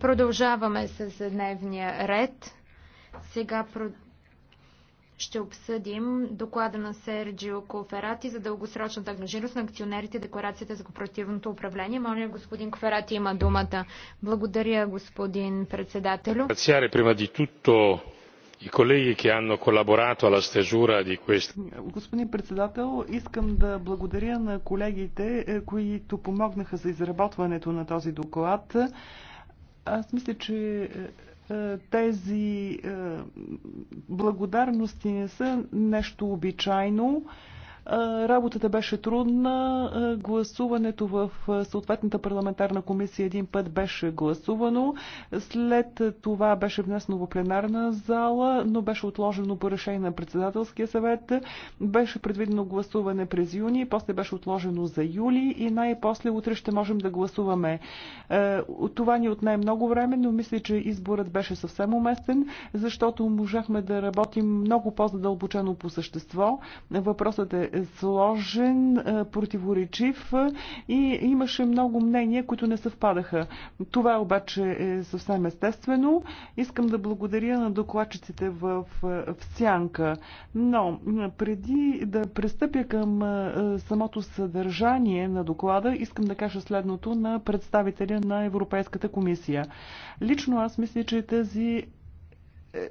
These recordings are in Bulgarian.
Продължаваме с дневния ред. Сега ще обсъдим доклада на Серджио Коферати за дългосрочната ангажираност на акционерите декларацията за корпоративното управление. Моля, господин Коферати има думата. Благодаря, господин председателю. Благодаря, господин di i colleghi che hanno collaborato alla stesura di questo. Господин председател, искам да благодаря на колегите, е, които помогнаха за изработването на този доклад. Аз мисля, че е, е, тези благодарности не са нещо обичайно. Работата беше трудна. Гласуването в съответната парламентарна комисия един път беше гласувано. След това беше внесено в пленарна зала, но беше отложено по решение на председателския съвет. Беше предвидено гласуване през юни, после беше отложено за юли и най-после утре ще можем да гласуваме. Това ни отне много време, но мисля, че изборът беше съвсем уместен, защото можахме да работим много по-задълбочено по същество. Въпросът е сложен, противоречив и имаше много мнения, които не съвпадаха. Това обаче е съвсем естествено. Искам да благодаря на докладчиците в, в Сянка. Но преди да пристъпя към самото съдържание на доклада, искам да кажа следното на представителя на Европейската комисия. Лично аз мисля, че тази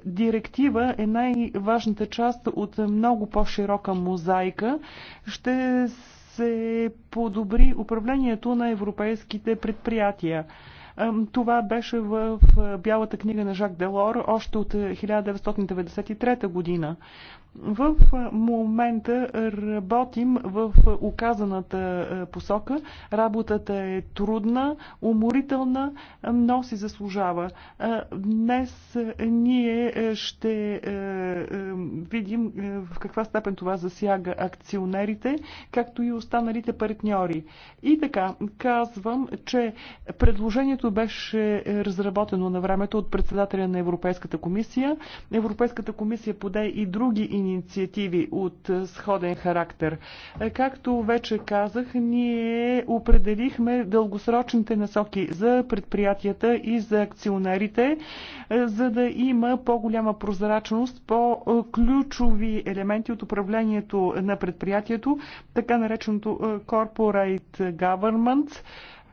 директива е най-важната част от много по-широка мозайка. Ще се подобри управлението на европейските предприятия. Това беше в Бялата книга на Жак Делор още от 1993 година. В момента работим в оказаната е, посока. Работата е трудна, уморителна, но си заслужава. Е, днес е, ние ще видим в каква степен това засяга акционерите, както и останалите партньори. И така, казвам, че предложението беше разработено на времето от председателя на Европейската комисия. Европейската комисия поде и други инициативи инициативи от сходен характер. Както вече казах, ние определихме дългосрочните насоки за предприятията и за акционерите, за да има по-голяма прозрачност по ключови елементи от управлението на предприятието, така нареченото Corporate Government.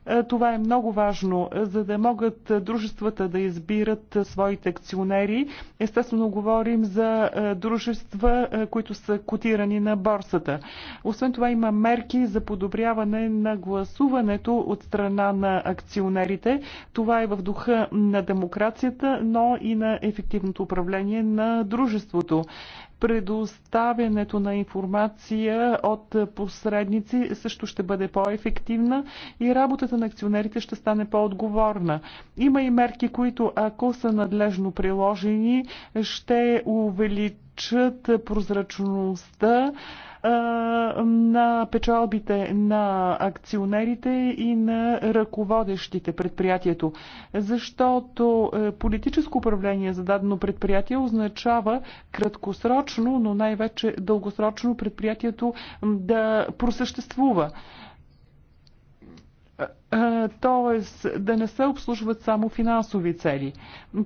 Е, това е много важно, за да могат дружествата да избират своите акционери. Естествено, говорим за е, дружества, е, които са котирани на борсата. Освен това има мерки за подобряване на гласуването от страна на акционерите. Това е в духа на демокрацията, но и на ефективното управление на дружеството предоставянето на информация от посредници също ще бъде по-ефективна и работата на акционерите ще стане по-отговорна. Има и мерки, които ако са надлежно приложени, ще увеличат прозрачността на печалбите на акционерите и на ръководещите предприятието. Защото е, политическо управление за дадено предприятие означава краткосрочно, но най-вече дългосрочно предприятието да просъществува т.е. да не се обслужват само финансови цели.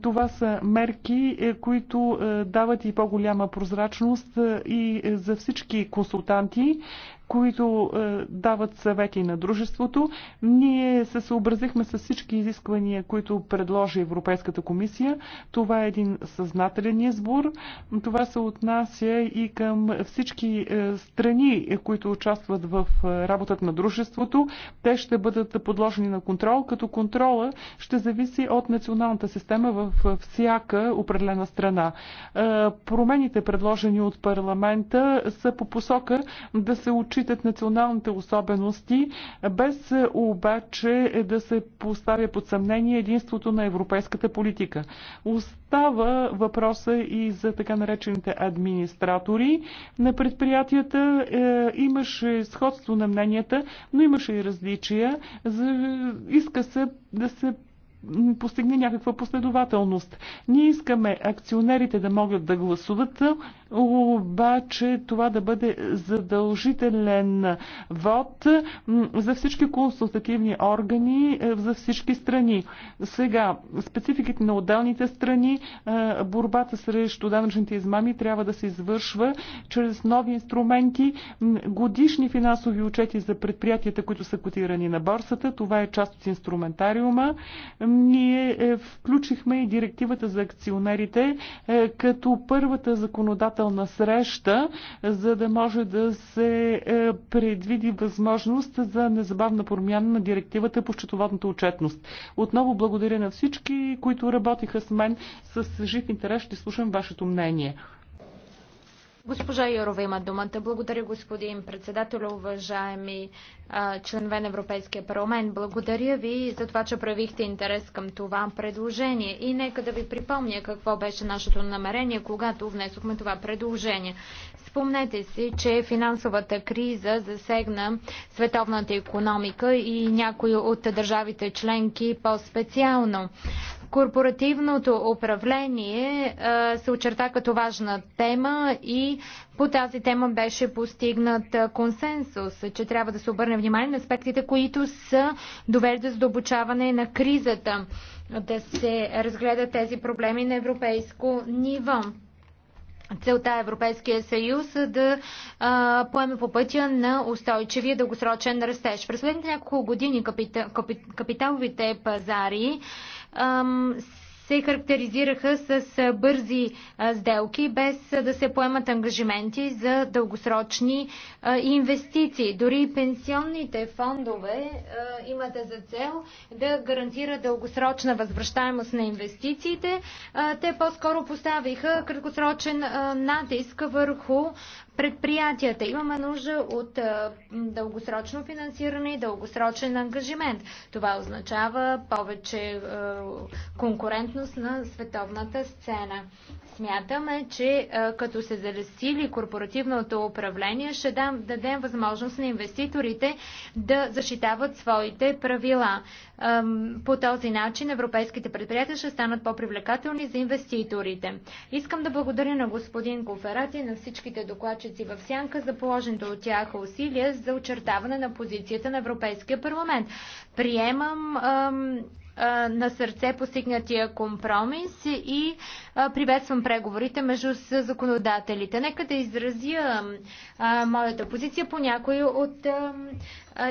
Това са мерки, е, които е, дават и по-голяма прозрачност е, и за всички консултанти, които е, дават съвети на дружеството. Ние се съобразихме с всички изисквания, които предложи Европейската комисия. Това е един съзнателен избор. Това се отнася и към всички е, страни, които участват в е, работата на дружеството. Те ще бъдат подложени на контрол, като контрола ще зависи от националната система в всяка определена страна. Е, промените, предложени от парламента, са по посока да се учи отчитат националните особености, без обаче да се поставя под съмнение единството на европейската политика. Остава въпроса и за така наречените администратори на предприятията. Е, имаше сходство на мненията, но имаше и различия. Иска се да се постигне някаква последователност. Ние искаме акционерите да могат да гласуват, обаче това да бъде задължителен вод за всички консултативни органи, е, за всички страни. Сега, спецификите на отделните страни, е, борбата срещу данъчните измами трябва да се извършва чрез нови инструменти, годишни финансови отчети за предприятията, които са котирани на борсата. Това е част от инструментариума ние е, включихме и директивата за акционерите е, като първата законодателна среща, за да може да се е, предвиди възможност за незабавна промяна на директивата по счетоводната отчетност. Отново благодаря на всички, които работиха с мен. С жив интерес ще слушам вашето мнение. Госпожа Йорова има думата. Благодаря, господин председател, уважаеми а, членове на Европейския парламент. Благодаря ви за това, че правихте интерес към това предложение. И нека да ви припомня какво беше нашето намерение, когато внесохме това предложение. Спомнете си, че финансовата криза засегна световната економика и някои от държавите членки по-специално. Корпоративното управление а, се очерта като важна тема и по тази тема беше постигнат консенсус, че трябва да се обърне внимание на аспектите, които са довели до задобучаване на кризата, да се разгледат тези проблеми на европейско ниво. Целта е Европейския съюз да а, поеме по пътя на устойчивия дългосрочен растеж. През следните няколко години капит, капиталовите пазари ам, се характеризираха с бързи сделки, без да се поемат ангажименти за дългосрочни инвестиции. Дори пенсионните фондове имат за цел да гарантира дългосрочна възвръщаемост на инвестициите. Те по-скоро поставиха краткосрочен натиск върху предприятията. Имаме нужда от дългосрочно финансиране и дългосрочен ангажимент. Това означава повече а, конкурентно конкурентност на световната сцена. Смятаме, че е, като се засили корпоративното управление, ще дадем възможност на инвеститорите да защитават своите правила. По този начин европейските предприятия ще станат по-привлекателни за инвеститорите. Искам да благодаря на господин Коферати и на всичките докладчици в Сянка за положените от тях усилия за очертаване на позицията на Европейския парламент. Приемам на сърце постигнатия компромис и приветствам преговорите между законодателите. Нека да изразя моята позиция по някои от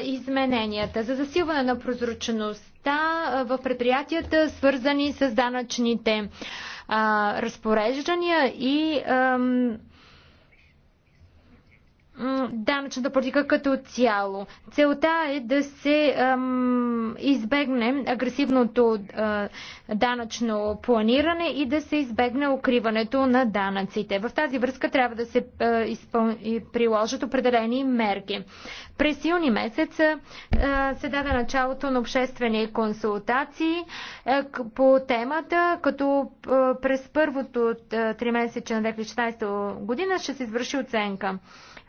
измененията за засилване на прозрачността в предприятията, свързани с данъчните разпореждания и данъчната политика като цяло. Целта е да се ам, избегне агресивното а, данъчно планиране и да се избегне укриването на данъците. В тази връзка трябва да се а, изпъл... приложат определени мерки. През юни месец а, се даде началото на обществени консултации а, по темата, като а, през първото 3 месече на 2016 година ще се извърши оценка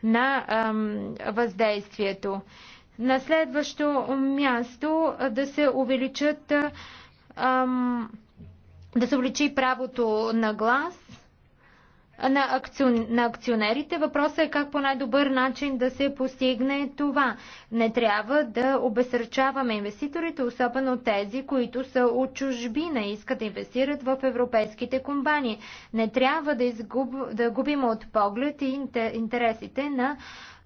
на въздействието. На следващо място да се увеличат да се увеличи правото на глас на, акцион, на акционерите. Въпросът е как по най-добър начин да се постигне това. Не трябва да обесърчаваме инвеститорите, особено тези, които са от чужбина и искат да инвестират в европейските компании. Не трябва да, изгуб, да губим от поглед и интересите на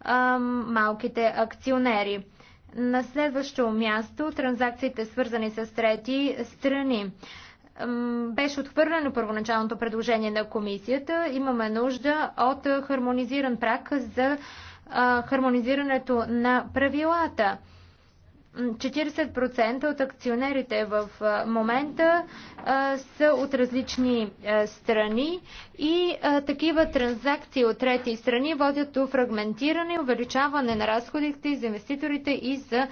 а, малките акционери. На следващо място транзакциите свързани с трети страни беше отхвърлено първоначалното предложение на комисията. Имаме нужда от хармонизиран прак за хармонизирането на правилата. 40% от акционерите в момента са от различни страни и такива транзакции от трети страни водят до фрагментиране, увеличаване на разходите за инвеститорите и за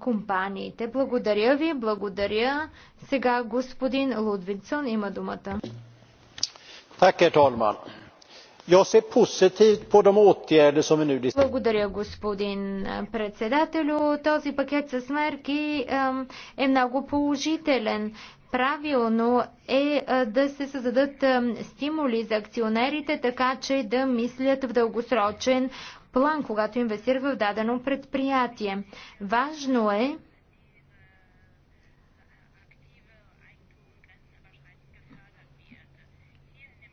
компаниите. Благодаря ви, благодаря. Сега господин Лудвинсон има думата. Така е talman. Благодаря, господин председателю. Този пакет с мерки е много положителен. Правилно е да се създадат стимули за акционерите, така че да мислят в дългосрочен план, когато инвестират в дадено предприятие. Важно е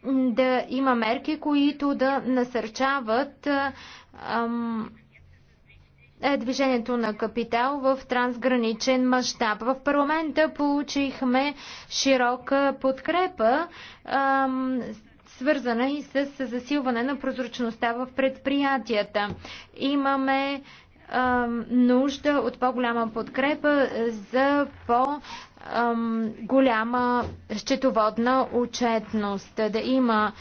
да има мерки, които да насърчават е, движението на капитал в трансграничен мащаб. В парламента получихме широка подкрепа, свързана и с засилване на прозрачността в предприятията. Имаме нужда от по-голяма подкрепа за по- голяма счетоводна отчетност, да има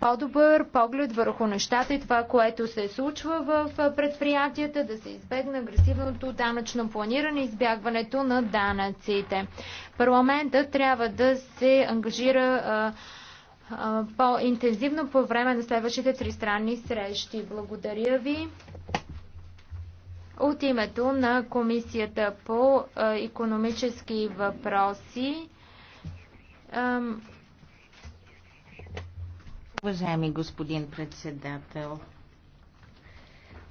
по-добър поглед върху нещата и това, което се случва в предприятията, да се избегне агресивното данъчно планиране и избягването на данъците. Парламентът трябва да се ангажира по-интензивно по време на следващите тристранни срещи. Благодаря ви. От името на Комисията по економически въпроси. Уважаеми господин председател,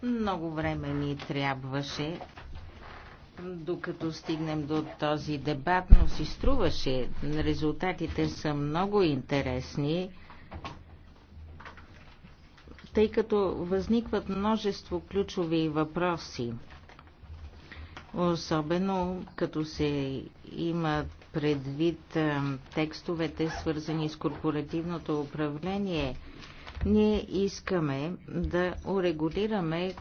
много време ни трябваше, докато стигнем до този дебат, но си струваше. Резултатите са много интересни тъй като възникват множество ключови въпроси. Особено като се има предвид е, текстовете, свързани с корпоративното управление, ние искаме да урегулираме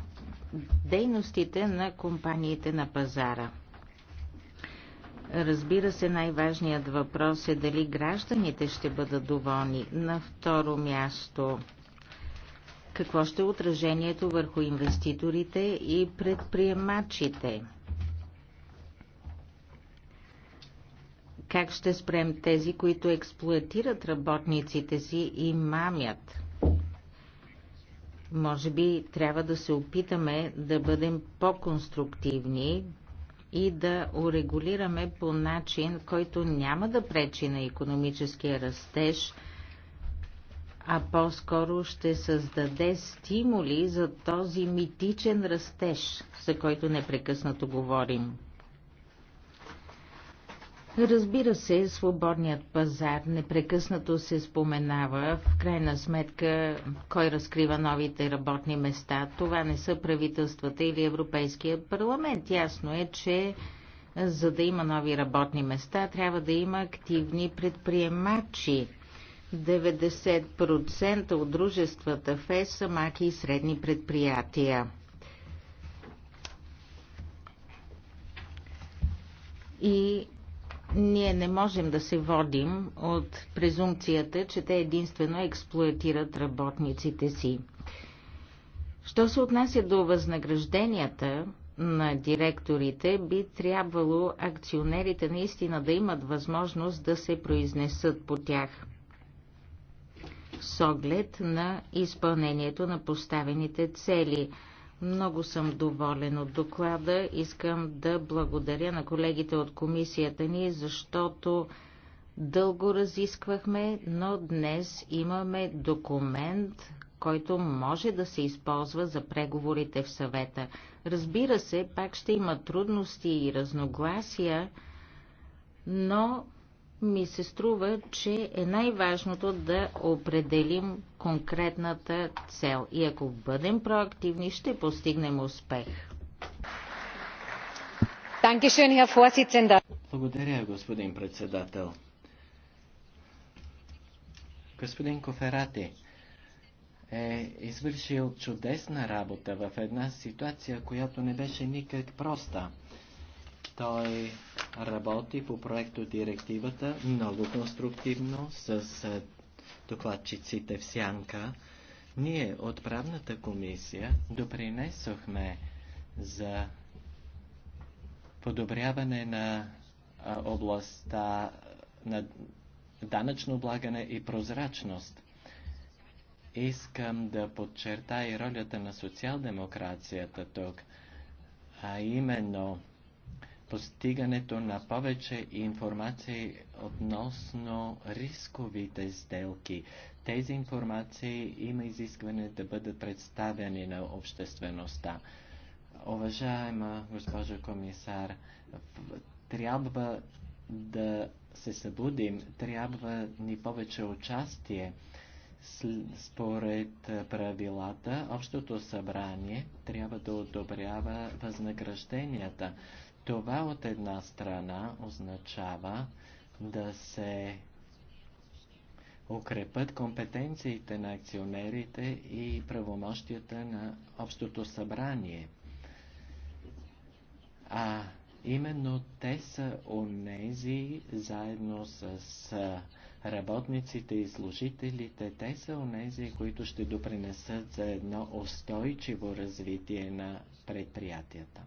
дейностите на компаниите на пазара. Разбира се, най-важният въпрос е дали гражданите ще бъдат доволни. На второ място – какво ще е отражението върху инвеститорите и предприемачите. Как ще спрем тези, които експлуатират работниците си и мамят? Може би трябва да се опитаме да бъдем по-конструктивни и да урегулираме по начин, който няма да пречи на економическия растеж – а по-скоро ще създаде стимули за този митичен растеж, за който непрекъснато говорим. Разбира се, свободният пазар непрекъснато се споменава. В крайна сметка, кой разкрива новите работни места? Това не са правителствата или Европейския парламент. Ясно е, че за да има нови работни места, трябва да има активни предприемачи. 90% от дружествата в ЕС са маки и средни предприятия. И ние не можем да се водим от презумцията, че те единствено експлуатират работниците си. Що се отнася до възнагражденията на директорите, би трябвало акционерите наистина да имат възможност да се произнесат по тях – с оглед на изпълнението на поставените цели. Много съм доволен от доклада. Искам да благодаря на колегите от комисията ни, защото дълго разисквахме, но днес имаме документ, който може да се използва за преговорите в съвета. Разбира се, пак ще има трудности и разногласия, но ми се струва, че е най-важното да определим конкретната цел. И ако бъдем проактивни, ще постигнем успех. Благодаря, господин председател. Господин Коферати е извършил чудесна работа в една ситуация, която не беше никак проста. Той работи по проекто директивата много конструктивно с е, докладчиците в Сянка. Ние от правната комисия допринесохме за подобряване на е, областта е, на данъчно облагане и прозрачност. Искам да подчертая и ролята на социал-демокрацията тук, а именно постигането на повече информации относно рисковите сделки. Тези информации има изискване да бъдат представени на обществеността. Уважаема госпожа комисар, трябва да се събудим, трябва ни повече участие. Според правилата, Общото събрание трябва да одобрява възнагражденията. Това от една страна означава да се укрепят компетенциите на акционерите и правомощията на Общото събрание. А именно те са онези, заедно с работниците и служителите, те са онези, които ще допринесат за едно устойчиво развитие на предприятията.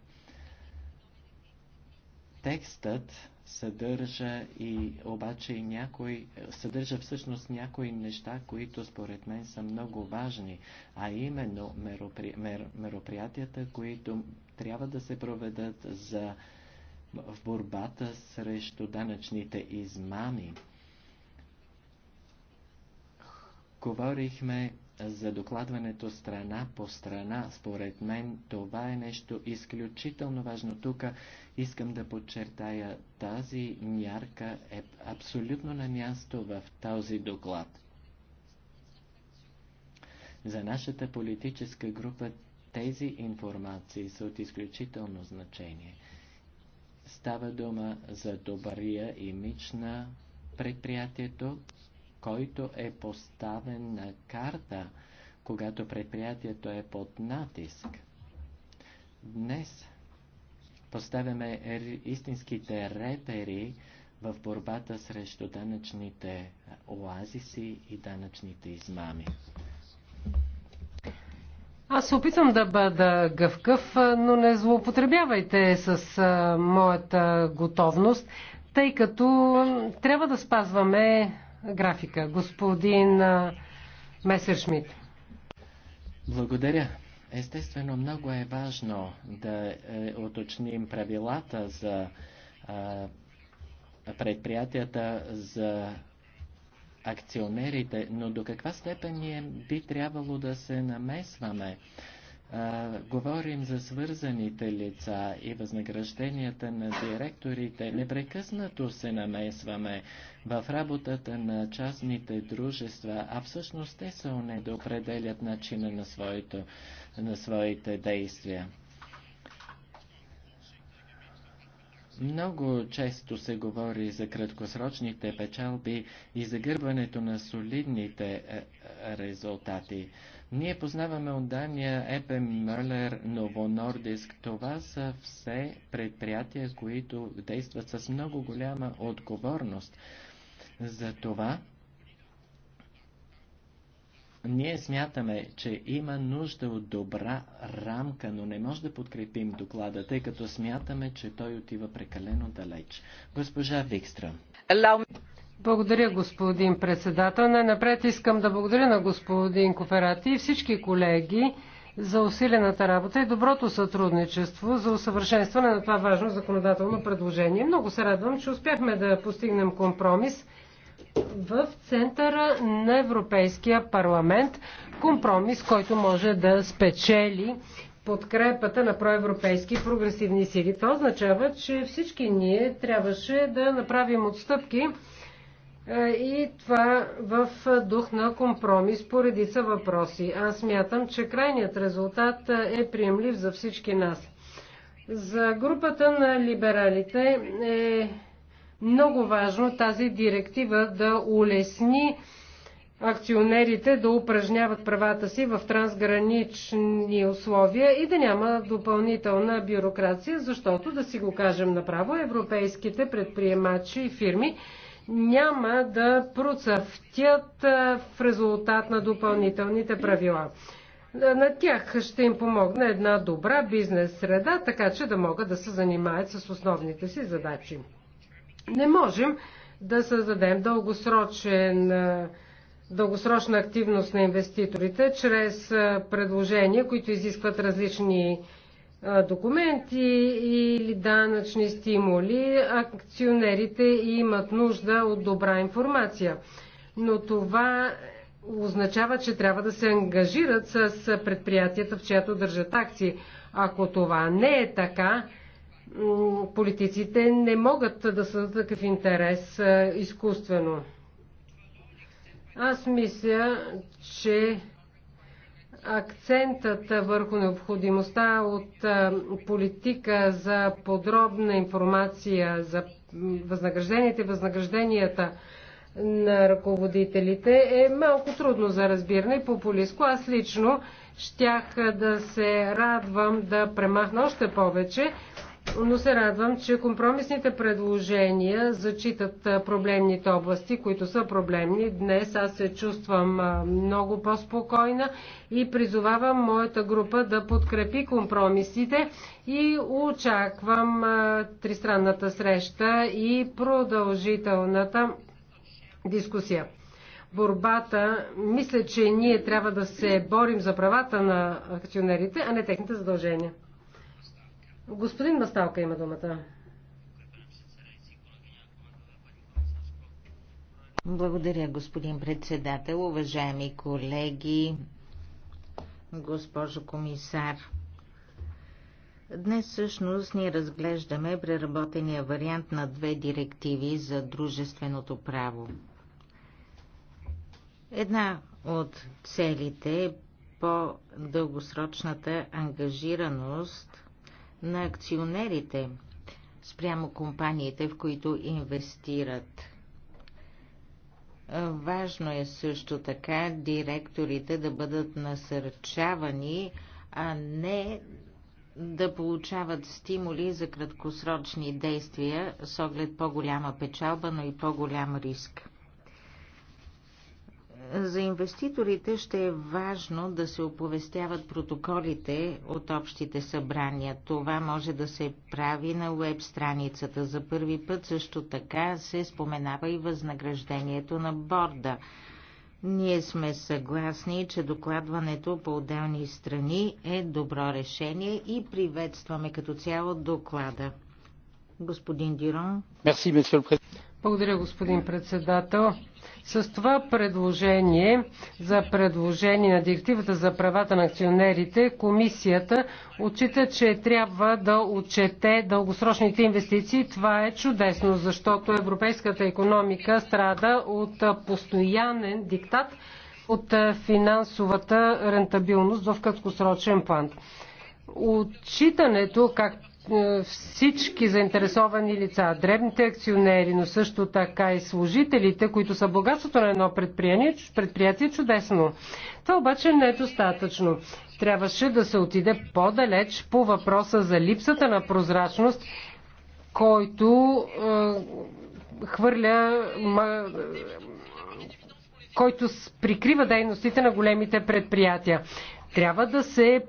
Текстът съдържа и обаче и някои, съдържа всъщност някои неща, които според мен са много важни, а именно меропри, мер, мероприятията, които трябва да се проведат за, в борбата срещу данъчните измами. Говорихме за докладването страна по страна. Според мен това е нещо изключително важно. Тук искам да подчертая, тази мярка е абсолютно на място в този доклад. За нашата политическа група тези информации са от изключително значение. Става дума за добрия имидж на предприятието, който е поставен на карта, когато предприятието е под натиск. Днес поставяме истинските репери в борбата срещу данъчните оазиси и данъчните измами. Аз се опитвам да бъда гъвкъв, но не злоупотребявайте с моята готовност, тъй като трябва да спазваме графика. Господин Месершмит. Благодаря. Естествено, много е важно да е, уточним правилата за предприятията, за акционерите, но до каква степен ние би трябвало да се намесваме? говорим за свързаните лица и възнагражденията на директорите. Непрекъснато се намесваме в работата на частните дружества, а всъщност те са не да определят начина на, своето, на своите действия. Много често се говори за краткосрочните печалби и загърбването на солидните е, е, резултати. Ние познаваме от Дания Епем Мърлер, Новонордиск. Това са все предприятия, които действат с много голяма отговорност. За това ние смятаме, че има нужда от добра рамка, но не може да подкрепим доклада, тъй като смятаме, че той отива прекалено далеч. Госпожа Викстрам. Благодаря, господин председател. Най-напред искам да благодаря на господин Коферати и всички колеги за усилената работа и доброто сътрудничество за усъвършенстване на това важно законодателно предложение. Много се радвам, че успяхме да постигнем компромис в центъра на Европейския парламент. Компромис, който може да спечели подкрепата на проевропейски прогресивни сили. Това означава, че всички ние трябваше да направим отстъпки е, и това в дух на компромис поради са въпроси. Аз мятам, че крайният резултат е приемлив за всички нас. За групата на либералите е много важно тази директива да улесни акционерите да упражняват правата си в трансгранични условия и да няма допълнителна бюрокрация, защото, да си го кажем направо, европейските предприемачи и фирми няма да процъфтят в резултат на допълнителните правила. На тях ще им помогне една добра бизнес среда, така че да могат да се занимаят с основните си задачи. Не можем да създадем дългосрочен, дългосрочна активност на инвеститорите чрез предложения, които изискват различни документи или данъчни стимули, акционерите имат нужда от добра информация. Но това означава, че трябва да се ангажират с предприятията, в чиято държат акции. Ако това не е така, политиците не могат да създадат такъв интерес изкуствено. Аз мисля, че Акцентът върху необходимостта от политика за подробна информация за възнагражденията и възнагражденията на ръководителите е малко трудно за разбиране и популистко. Аз лично щях да се радвам да премахна още повече но се радвам, че компромисните предложения зачитат проблемните области, които са проблемни. Днес аз се чувствам много по-спокойна и призовавам моята група да подкрепи компромисите и очаквам тристранната среща и продължителната дискусия. Борбата, мисля, че ние трябва да се борим за правата на акционерите, а не техните задължения. Господин Масталка има думата. Благодаря, господин председател, уважаеми колеги, госпожо комисар. Днес всъщност ние разглеждаме преработения вариант на две директиви за дружественото право. Една от целите е по-дългосрочната ангажираност на акционерите спрямо компаниите, в които инвестират. Важно е също така директорите да бъдат насърчавани, а не да получават стимули за краткосрочни действия с оглед по-голяма печалба, но и по-голям риск. За инвеститорите ще е важно да се оповестяват протоколите от общите събрания. Това може да се прави на веб страницата. За първи път също така се споменава и възнаграждението на борда. Ние сме съгласни, че докладването по отделни страни е добро решение и приветстваме като цяло доклада. Господин Дирон. Мерси, благодаря, господин председател. С това предложение за предложение на директивата за правата на акционерите, комисията отчита, че трябва да отчете дългосрочните инвестиции. Това е чудесно, защото европейската економика страда от постоянен диктат от финансовата рентабилност в краткосрочен план. Отчитането, както е, всички заинтересовани лица, дребните акционери, но също така и служителите, които са богатството на едно предприятие, предприятие чудесно. Това обаче не е достатъчно. Трябваше да се отиде по-далеч по въпроса за липсата на прозрачност, който е, хвърля. Ма, който прикрива дейностите на големите предприятия. Трябва да се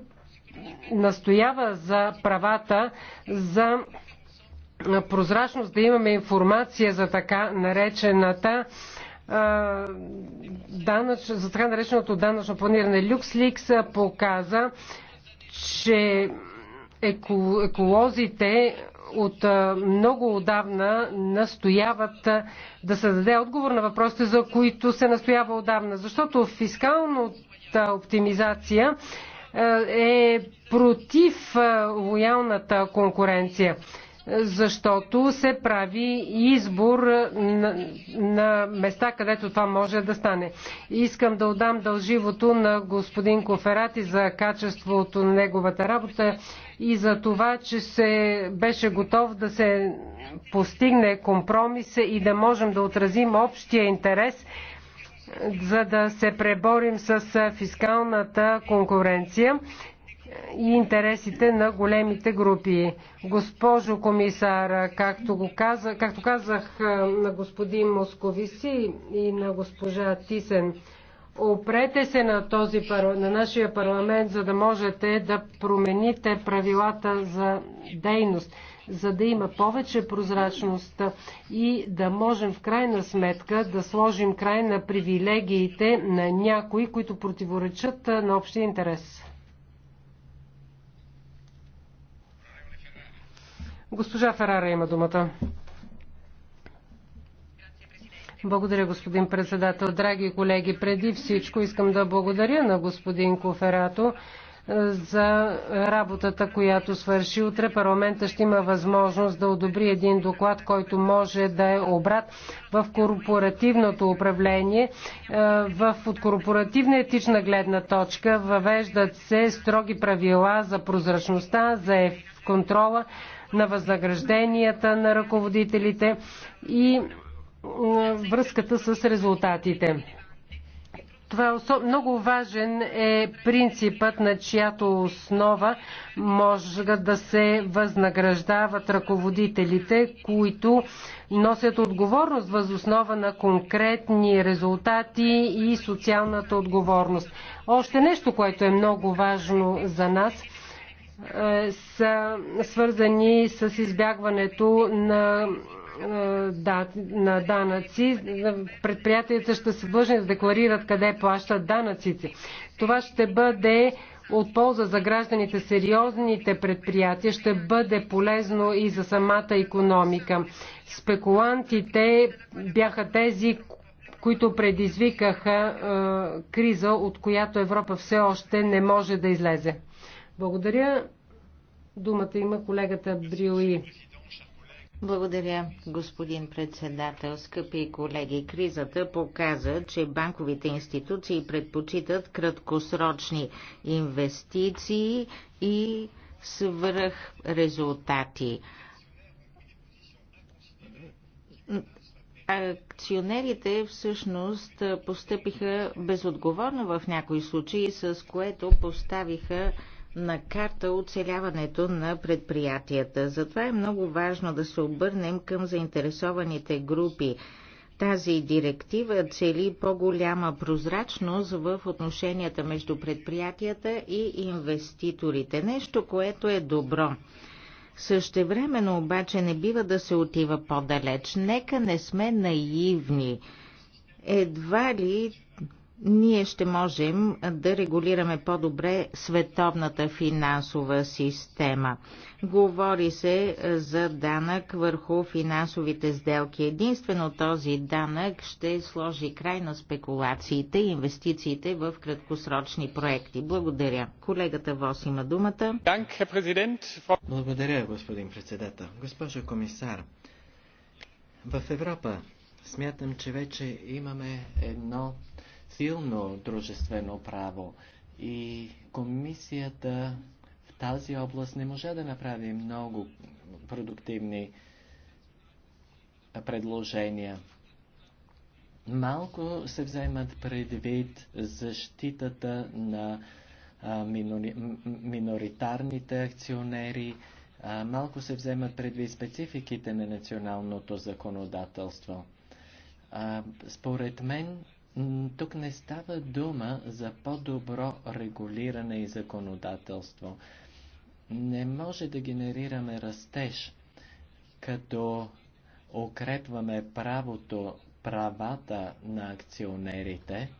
настоява за правата за прозрачност, да имаме информация за така наречената данъч, за така нареченото данъчно планиране. Люксликс показа, че еколозите от много отдавна настояват да се даде отговор на въпросите, за които се настоява отдавна. Защото фискалната оптимизация е против е, лоялната конкуренция, защото се прави избор на, на места, където това може да стане. Искам да отдам дълживото на господин Коферати за качеството на неговата работа и за това, че се беше готов да се постигне компромис и да можем да отразим общия интерес за да се преборим с фискалната конкуренция и интересите на големите групи. Госпожо комисар, както, го каза, както казах на господин Московиси и на госпожа Тисен, опрете се на, този, на нашия парламент, за да можете да промените правилата за дейност за да има повече прозрачност и да можем в крайна сметка да сложим край на привилегиите на някои, които противоречат на общия интерес. Госпожа Ферара има думата. Благодаря, господин председател. Драги колеги, преди всичко искам да благодаря на господин Коферато за работата, която свърши. Утре парламента ще има възможност да одобри един доклад, който може да е обрат в корпоративното управление. Е, в, от корпоративна етична гледна точка въвеждат се строги правила за прозрачността, за контрола на възнагражденията на ръководителите и връзката с резултатите. Това е особ... много важен е принципът, на чиято основа може да се възнаграждават ръководителите, които носят отговорност възоснова на конкретни резултати и социалната отговорност. Още нещо, което е много важно за нас е, са свързани с избягването на е, да, на данъци, предприятията ще са длъжни да декларират къде плащат данъците. Това ще бъде от полза за гражданите сериозните предприятия, ще бъде полезно и за самата економика. Спекулантите бяха тези, които предизвикаха е, криза, от която Европа все още не може да излезе. Благодаря. Думата има колегата Бриои. Благодаря, господин председател. Скъпи колеги, кризата показа, че банковите институции предпочитат краткосрочни инвестиции и свръх резултати. Акционерите всъщност постъпиха безотговорно в някои случаи, с което поставиха на карта оцеляването на предприятията. Затова е много важно да се обърнем към заинтересованите групи. Тази директива цели по-голяма прозрачност в отношенията между предприятията и инвеститорите, нещо, което е добро. Същевременно обаче не бива да се отива по-далеч. Нека не сме наивни. Едва ли ние ще можем да регулираме по-добре световната финансова система. Говори се за данък върху финансовите сделки. Единствено този данък ще сложи край на спекулациите и инвестициите в краткосрочни проекти. Благодаря. Колегата Вос има думата. Благодаря, господин председател. Госпожо комисар, в Европа смятам, че вече имаме едно силно дружествено право и комисията в тази област не може да направи много продуктивни предложения. Малко се вземат предвид защитата на миноритарните акционери, малко се вземат предвид спецификите на националното законодателство. Според мен тук не става дума за по-добро регулиране и законодателство. Не може да генерираме растеж, като укрепваме правото, правата на акционерите,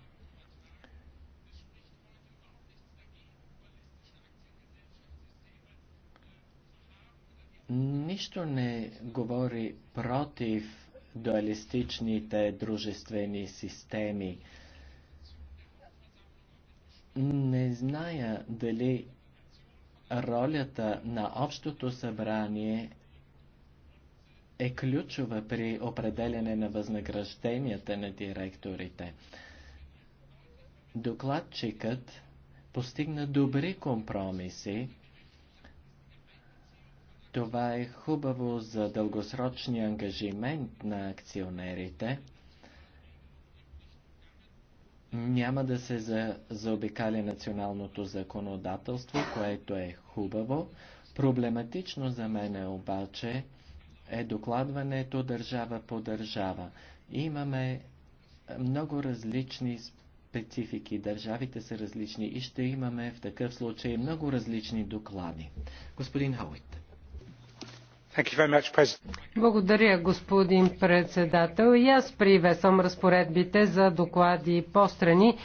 нищо не говори против дуалистичните дружествени системи. Не зная дали ролята на Общото събрание е ключова при определене на възнагражденията на директорите. Докладчикът постигна добри компромиси, това е хубаво за дългосрочния ангажимент на акционерите. Няма да се за, заобикали националното законодателство, което е хубаво. Проблематично за мен е обаче е докладването държава по държава. Имаме много различни специфики. Държавите са различни и ще имаме в такъв случай много различни доклади. Господин Хауит. Благодаря, господин председател. И аз привесвам разпоредбите за доклади по страни,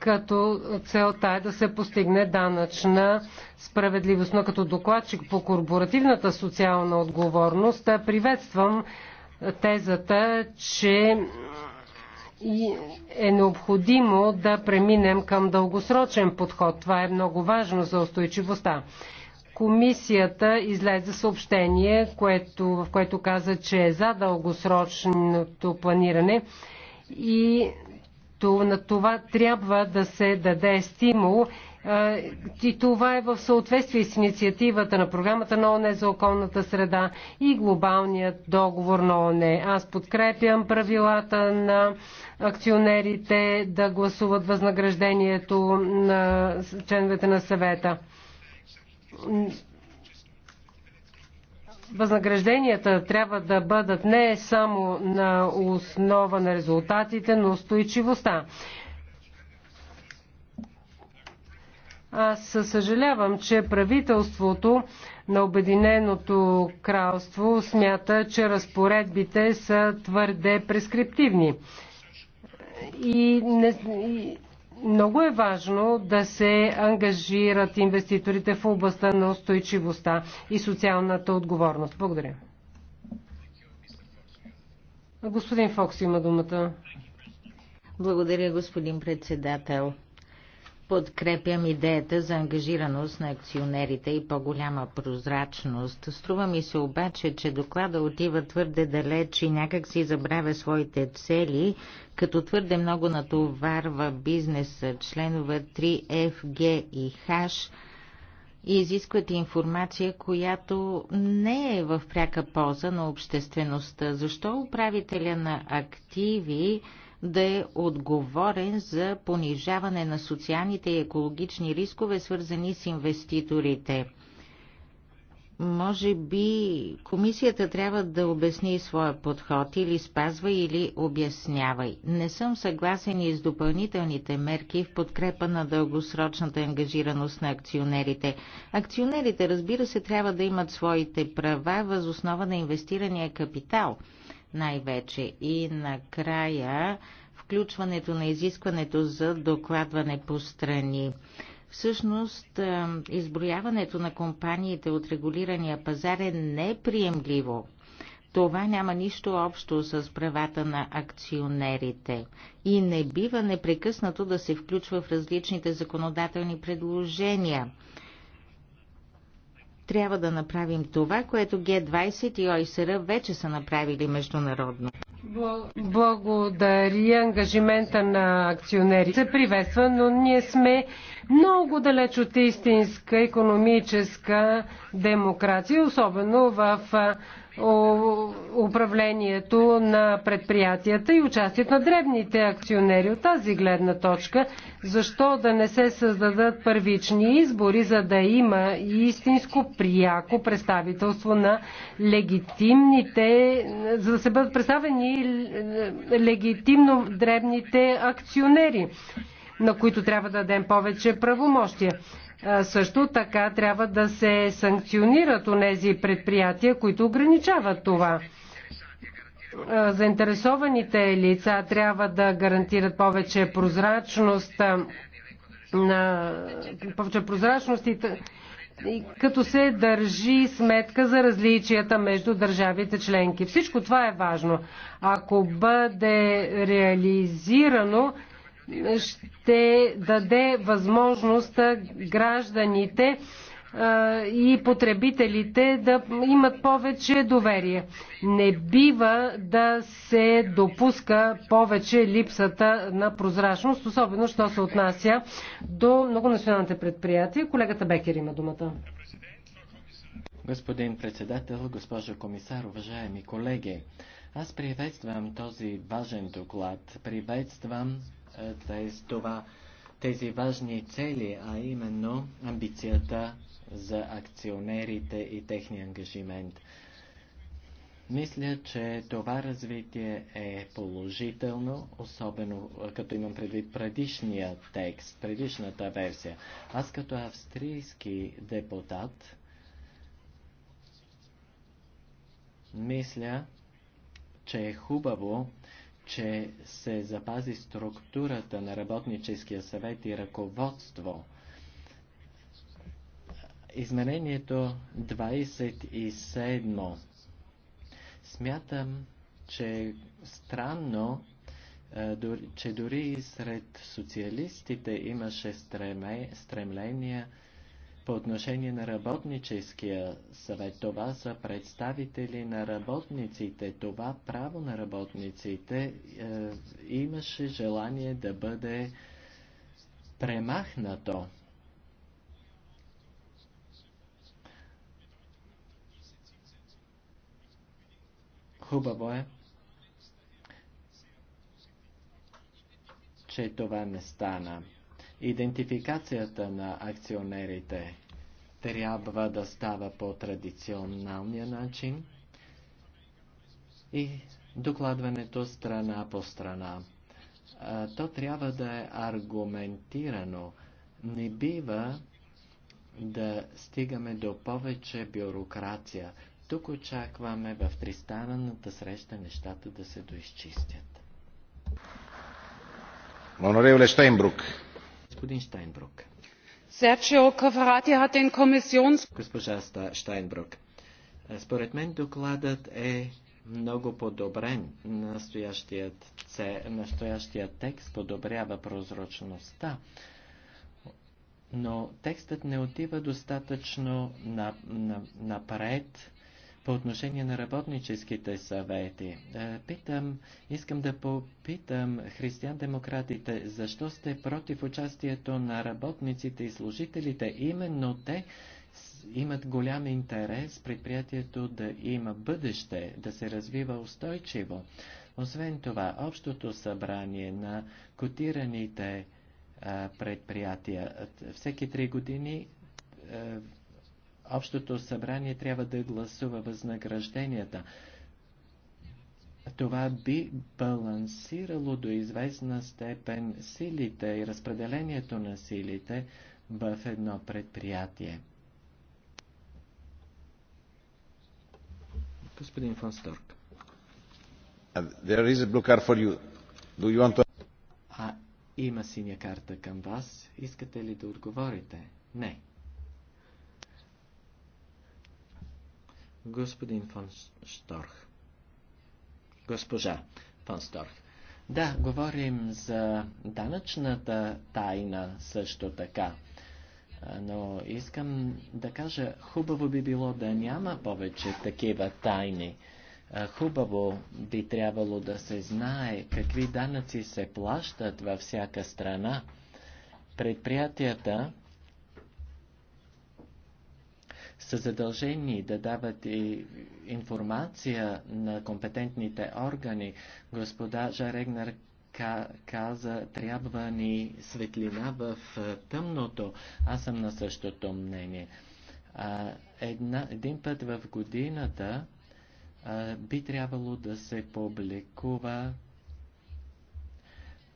като целта е да се постигне данъчна справедливост. Но като докладчик по корпоративната социална отговорност приветствам тезата, че е необходимо да преминем към дългосрочен подход. Това е много важно за устойчивостта. Комисията излезе съобщение, което, в което каза, че е за дългосрочното планиране и на това трябва да се даде стимул. И това е в съответствие с инициативата на програмата на ОНЕ за околната среда и глобалният договор на ОНЕ. Аз подкрепям правилата на акционерите да гласуват възнаграждението на членовете на съвета възнагражденията трябва да бъдат не само на основа на резултатите, но устойчивостта. Аз съжалявам, че правителството на Обединеното кралство смята, че разпоредбите са твърде прескриптивни и, не, много е важно да се ангажират инвеститорите в областта на устойчивостта и социалната отговорност. Благодаря. Господин Фокс има думата. Благодаря, господин председател. Подкрепям идеята за ангажираност на акционерите и по-голяма прозрачност. Струва ми се обаче, че доклада отива твърде далеч и някак си забравя своите цели, като твърде много натоварва бизнеса. Членове 3, F, G и H изискват информация, която не е в пряка полза на обществеността. Защо управителя на активи да е отговорен за понижаване на социалните и екологични рискове, свързани с инвеститорите. Може би комисията трябва да обясни своя подход или спазвай или обяснявай. Не съм съгласен и с допълнителните мерки в подкрепа на дългосрочната ангажираност на акционерите. Акционерите, разбира се, трябва да имат своите права възоснова на инвестирания капитал – най-вече. И накрая включването на изискването за докладване по страни. Всъщност, е, изброяването на компаниите от регулирания пазар е неприемливо. Това няма нищо общо с правата на акционерите и не бива непрекъснато да се включва в различните законодателни предложения трябва да направим това, което Г20 и ОИСР вече са направили международно. Благодаря ангажимента на акционери. Се приветства, но ние сме много далеч от истинска економическа демокрация, особено в управлението на предприятията и участието на дребните акционери. От тази гледна точка, защо да не се създадат първични избори, за да има истинско прияко представителство на легитимните, за да се бъдат представени легитимно дребните акционери на които трябва да дадем повече правомощия. Също така трябва да се санкционират онези предприятия, които ограничават това. Заинтересованите лица трябва да гарантират повече прозрачност на повече прозрачност и като се държи сметка за различията между държавите членки. Всичко това е важно. Ако бъде реализирано, ще даде възможност гражданите и потребителите да имат повече доверие. Не бива да се допуска повече липсата на прозрачност, особено що се отнася до многонационалните предприятия. Колегата Бекер има думата. Господин председател, госпожо комисар, уважаеми колеги, аз приветствам този важен доклад. Приветствам тези, това, тези важни цели, а именно амбицията за акционерите и техния ангажимент. Мисля, че това развитие е положително, особено като имам предвид предишния текст, предишната версия. Аз като австрийски депутат мисля, че е хубаво че се запази структурата на работническия съвет и ръководство. Изменението 27. Смятам, че странно, е, че дори и сред социалистите имаше стремления по отношение на работническия съвет, това са представители на работниците. Това право на работниците е, имаше желание да бъде премахнато. Хубаво е, че това не стана. Идентификацията на акционерите трябва да става по традиционалния начин и докладването страна по страна. То трябва да е аргументирано. Не бива да стигаме до повече бюрокрация. Тук очакваме в тристранната среща нещата да се доизчистят. Honorable Штейнбрук. Господин Штайнбрук. Госпожа Штайнбрук, е, според мен докладът е много подобрен. Настоящият, настоящият текст подобрява прозрачността, но текстът не отива достатъчно на, на, напред по отношение на работническите съвети. Е, питам, искам да попитам християн-демократите, защо сте против участието на работниците и служителите? Именно те имат голям интерес предприятието да има бъдеще, да се развива устойчиво. Освен това, общото събрание на котираните предприятия всеки три години е, Общото събрание трябва да гласува възнагражденията. Това би балансирало до известна степен силите и разпределението на силите в едно предприятие. Господин Фонсторг. There is a blue card for you. Do you want to... А има синя карта към вас. Искате ли да отговорите? Не. господин фон Шторх. Госпожа фон Шторх. Да, говорим за данъчната тайна също така. Но искам да кажа, хубаво би било да няма повече такива тайни. Хубаво би трябвало да се знае какви данъци се плащат във всяка страна. Предприятията са задължени да дават и информация на компетентните органи. Господа Жарегнар каза, трябва ни светлина в е, тъмното. Аз съм на същото мнение. А, една, един път в годината а, би трябвало да се публикува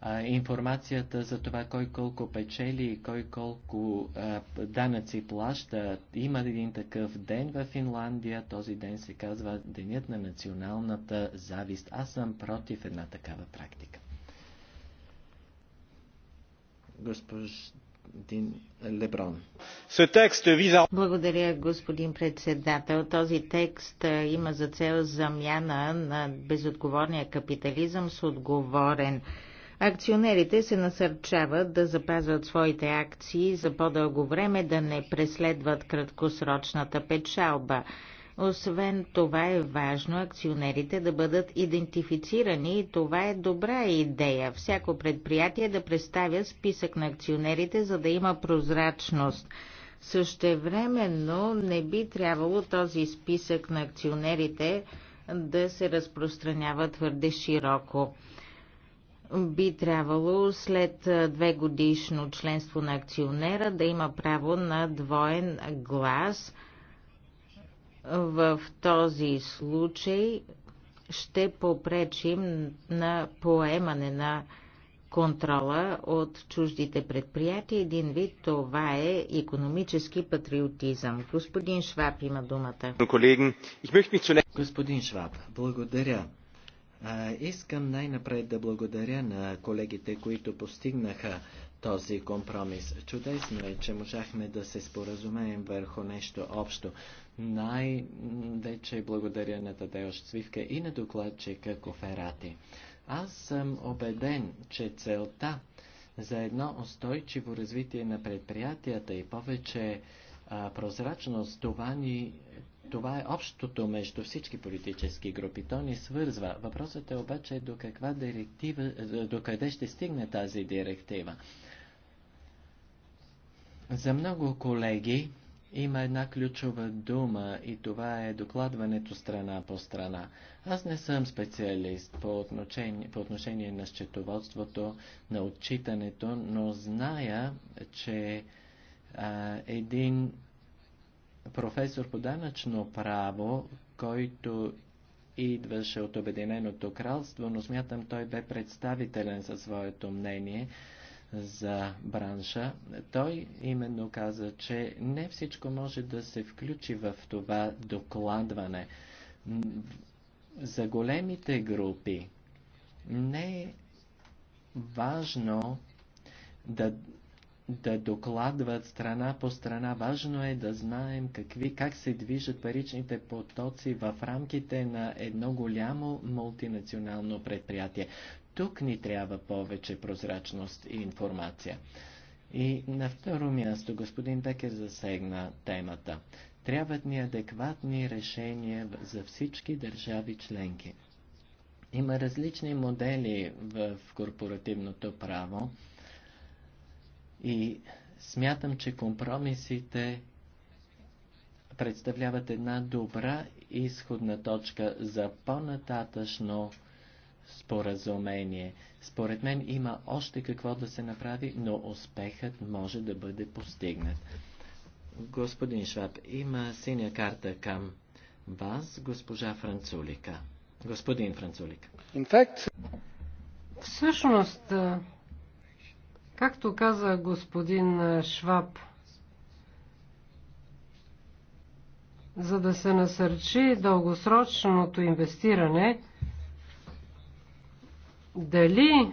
а, информацията за това кой колко печели и кой колко а, данъци плаща. Има един такъв ден в Финландия, този ден се казва Денят на националната завист. Аз съм против една такава практика. Господин Леброн. Е Благодаря, господин председател. Този текст има за цел замяна на безотговорния капитализъм с отговорен Акционерите се насърчават да запазват своите акции за по-дълго време, да не преследват краткосрочната печалба. Освен това е важно акционерите да бъдат идентифицирани и това е добра идея. Всяко предприятие да представя списък на акционерите, за да има прозрачност. Същевременно не би трябвало този списък на акционерите да се разпространява твърде широко би трябвало след две годишно членство на акционера да има право на двоен глас. В този случай ще попречим на поемане на контрола от чуждите предприятия. Един вид това е економически патриотизъм. Господин Шваб има думата. Господин Шваб, благодаря. А, искам най-напред да благодаря на колегите, които постигнаха този компромис. Чудесно е, че можахме да се споразумеем върху нещо общо. Най-вече благодаря на Тадеош Цвивка и на докладчика Коферати. Аз съм убеден, че целта за едно устойчиво развитие на предприятията и повече а, прозрачност, това ни това е общото между всички политически групи. То ни свързва. Въпросът е обаче до каква директива, до къде ще стигне тази директива. За много колеги има една ключова дума и това е докладването страна по страна. Аз не съм специалист по отношение, по отношение на счетоводството, на отчитането, но зная, че а, един професор по данъчно право, който идваше от Обединеното кралство, но смятам той бе представителен със своето мнение за бранша. Той именно каза, че не всичко може да се включи в това докладване. За големите групи не е важно да да докладват страна по страна. Важно е да знаем какви, как се движат паричните потоци в рамките на едно голямо мултинационално предприятие. Тук ни трябва повече прозрачност и информация. И на второ място господин Бекер засегна темата. Трябват ни адекватни решения за всички държави членки. Има различни модели в корпоративното право. И смятам, че компромисите представляват една добра изходна точка за по-нататъчно споразумение. Според мен има още какво да се направи, но успехът може да бъде постигнат. Господин Шваб, има синя карта към вас, госпожа Францулика. Господин Францулик. Fact... Всъщност, Както каза господин Шваб, за да се насърчи дългосрочното инвестиране, дали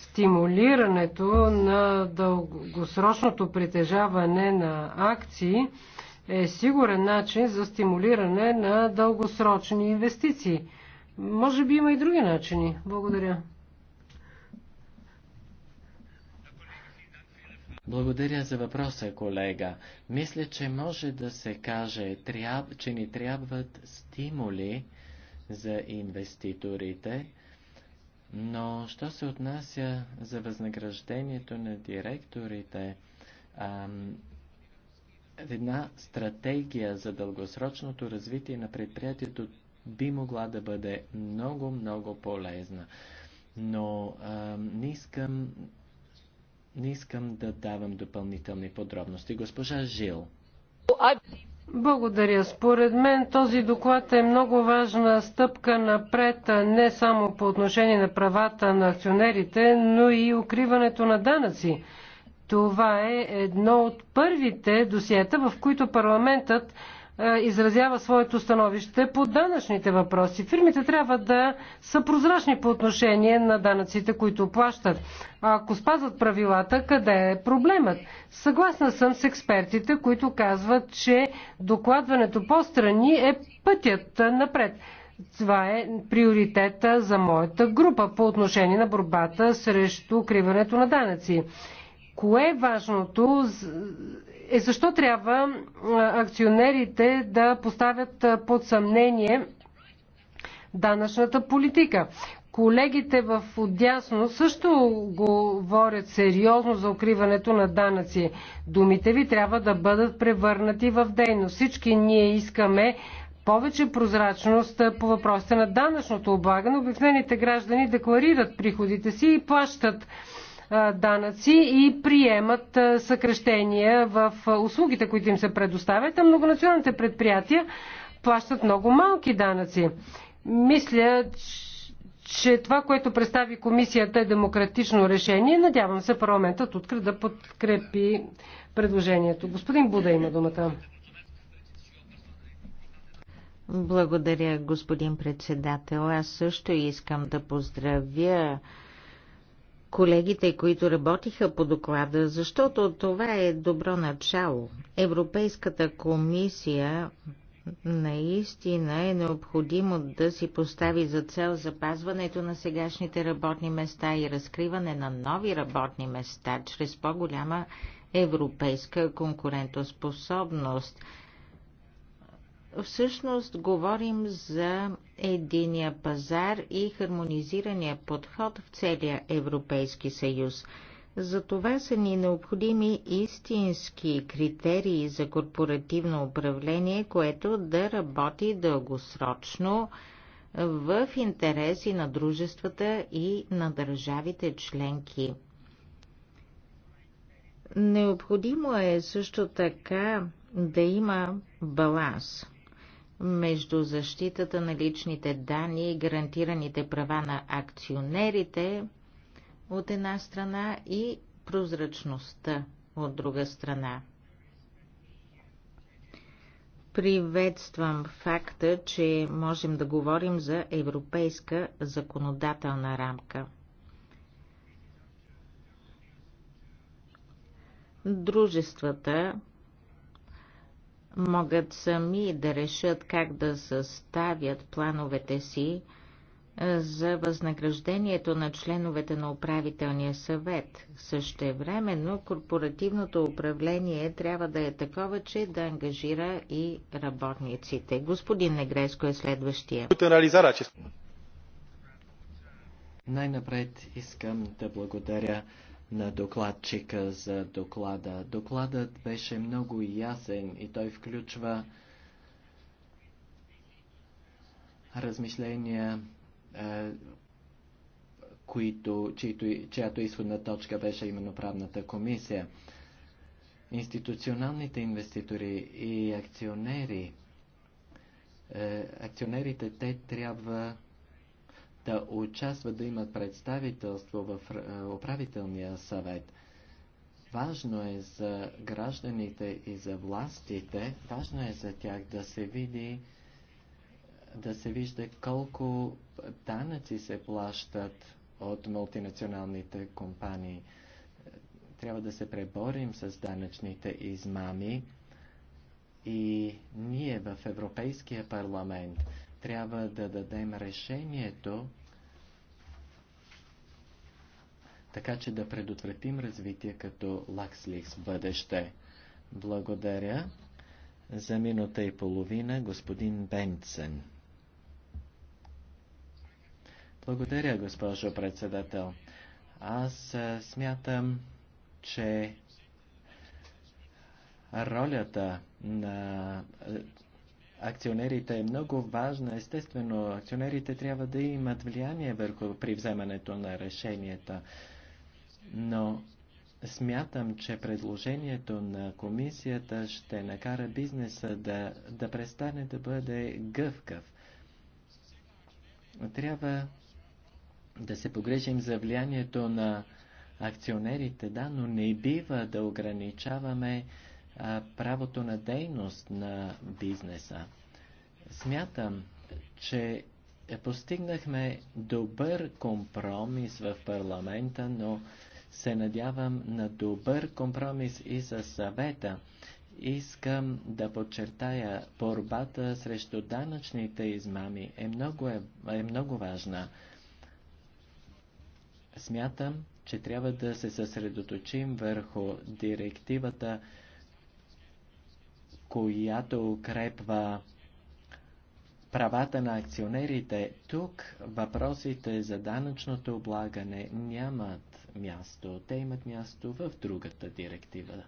стимулирането на дългосрочното притежаване на акции е сигурен начин за стимулиране на дългосрочни инвестиции. Може би има и други начини. Благодаря. Благодаря за въпроса, колега. Мисля, че може да се каже, тряб, че ни трябват стимули за инвеститорите, но що се отнася за възнаграждението на директорите, ам, една стратегия за дългосрочното развитие на предприятието би могла да бъде много, много полезна. Но а, не искам не искам да давам допълнителни подробности. Госпожа Жил. Благодаря. Според мен този доклад е много важна стъпка напред не само по отношение на правата на акционерите, но и укриването на данъци. Това е едно от първите досиета, в които парламентът е, изразява своето становище по данъчните въпроси. Фирмите трябва да са прозрачни по отношение на данъците, които плащат. А ако спазват правилата, къде е проблемът? Съгласна съм с експертите, които казват, че докладването по страни е пътят напред. Това е приоритета за моята група по отношение на борбата срещу укриването на данъци. Кое е важното е защо трябва акционерите да поставят под съмнение данъчната политика. Колегите в отдясно също говорят сериозно за укриването на данъци. Думите ви трябва да бъдат превърнати в дейност. Всички ние искаме повече прозрачност по въпросите на данъчното облагане. Обикновените граждани декларират приходите си и плащат данъци и приемат съкрещения в услугите, които им се предоставят, а многонационалните предприятия плащат много малки данъци. Мисля, че това, което представи комисията е демократично решение. Надявам се парламентът откри да подкрепи предложението. Господин Буда има думата. Благодаря, господин председател. Аз също искам да поздравя колегите, които работиха по доклада, защото това е добро начало. Европейската комисия наистина е необходимо да си постави за цел запазването на сегашните работни места и разкриване на нови работни места чрез по-голяма европейска конкурентоспособност. Всъщност говорим за единия пазар и хармонизирания подход в целия Европейски съюз. За това са ни необходими истински критерии за корпоративно управление, което да работи дългосрочно в интереси на дружествата и на държавите членки. Необходимо е също така да има баланс между защитата на личните данни и гарантираните права на акционерите от една страна и прозрачността от друга страна. Приветствам факта, че можем да говорим за европейска законодателна рамка. Дружествата могат сами да решат как да съставят плановете си за възнаграждението на членовете на управителния съвет. Същевременно корпоративното управление трябва да е такова, че да ангажира и работниците. Господин Негреско е следващия. Най-напред искам да благодаря на докладчика за доклада. Докладът беше много ясен и той включва размишления, е, които, чието, чиято изходна точка беше именно правната комисия. Институционалните инвеститори и акционери, е, акционерите, те трябва да участват, да имат представителство в е, управителния съвет. Важно е за гражданите и за властите, важно е за тях да се види, да се вижда колко данъци се плащат от мултинационалните компании. Трябва да се преборим с данъчните измами и ние в Европейския парламент трябва да дадем решението така че да предотвратим развитие като Лаксликс бъдеще. Благодаря. За минута и половина господин Бенцен. Благодаря, госпожо председател. Аз смятам, че ролята на акционерите е много важна. Естествено, акционерите трябва да имат влияние върху при вземането на решенията но смятам, че предложението на комисията ще накара бизнеса да, да престане да бъде гъвкав. Трябва да се погрежим за влиянието на акционерите, да, но не бива да ограничаваме а, правото на дейност на бизнеса. Смятам, че постигнахме добър компромис в парламента, но се надявам на добър компромис и със съвета. Искам да подчертая, борбата срещу данъчните измами е много, е, е много важна. Смятам, че трябва да се съсредоточим върху директивата, която укрепва правата на акционерите, тук въпросите за данъчното облагане нямат място. Те имат място в другата директива.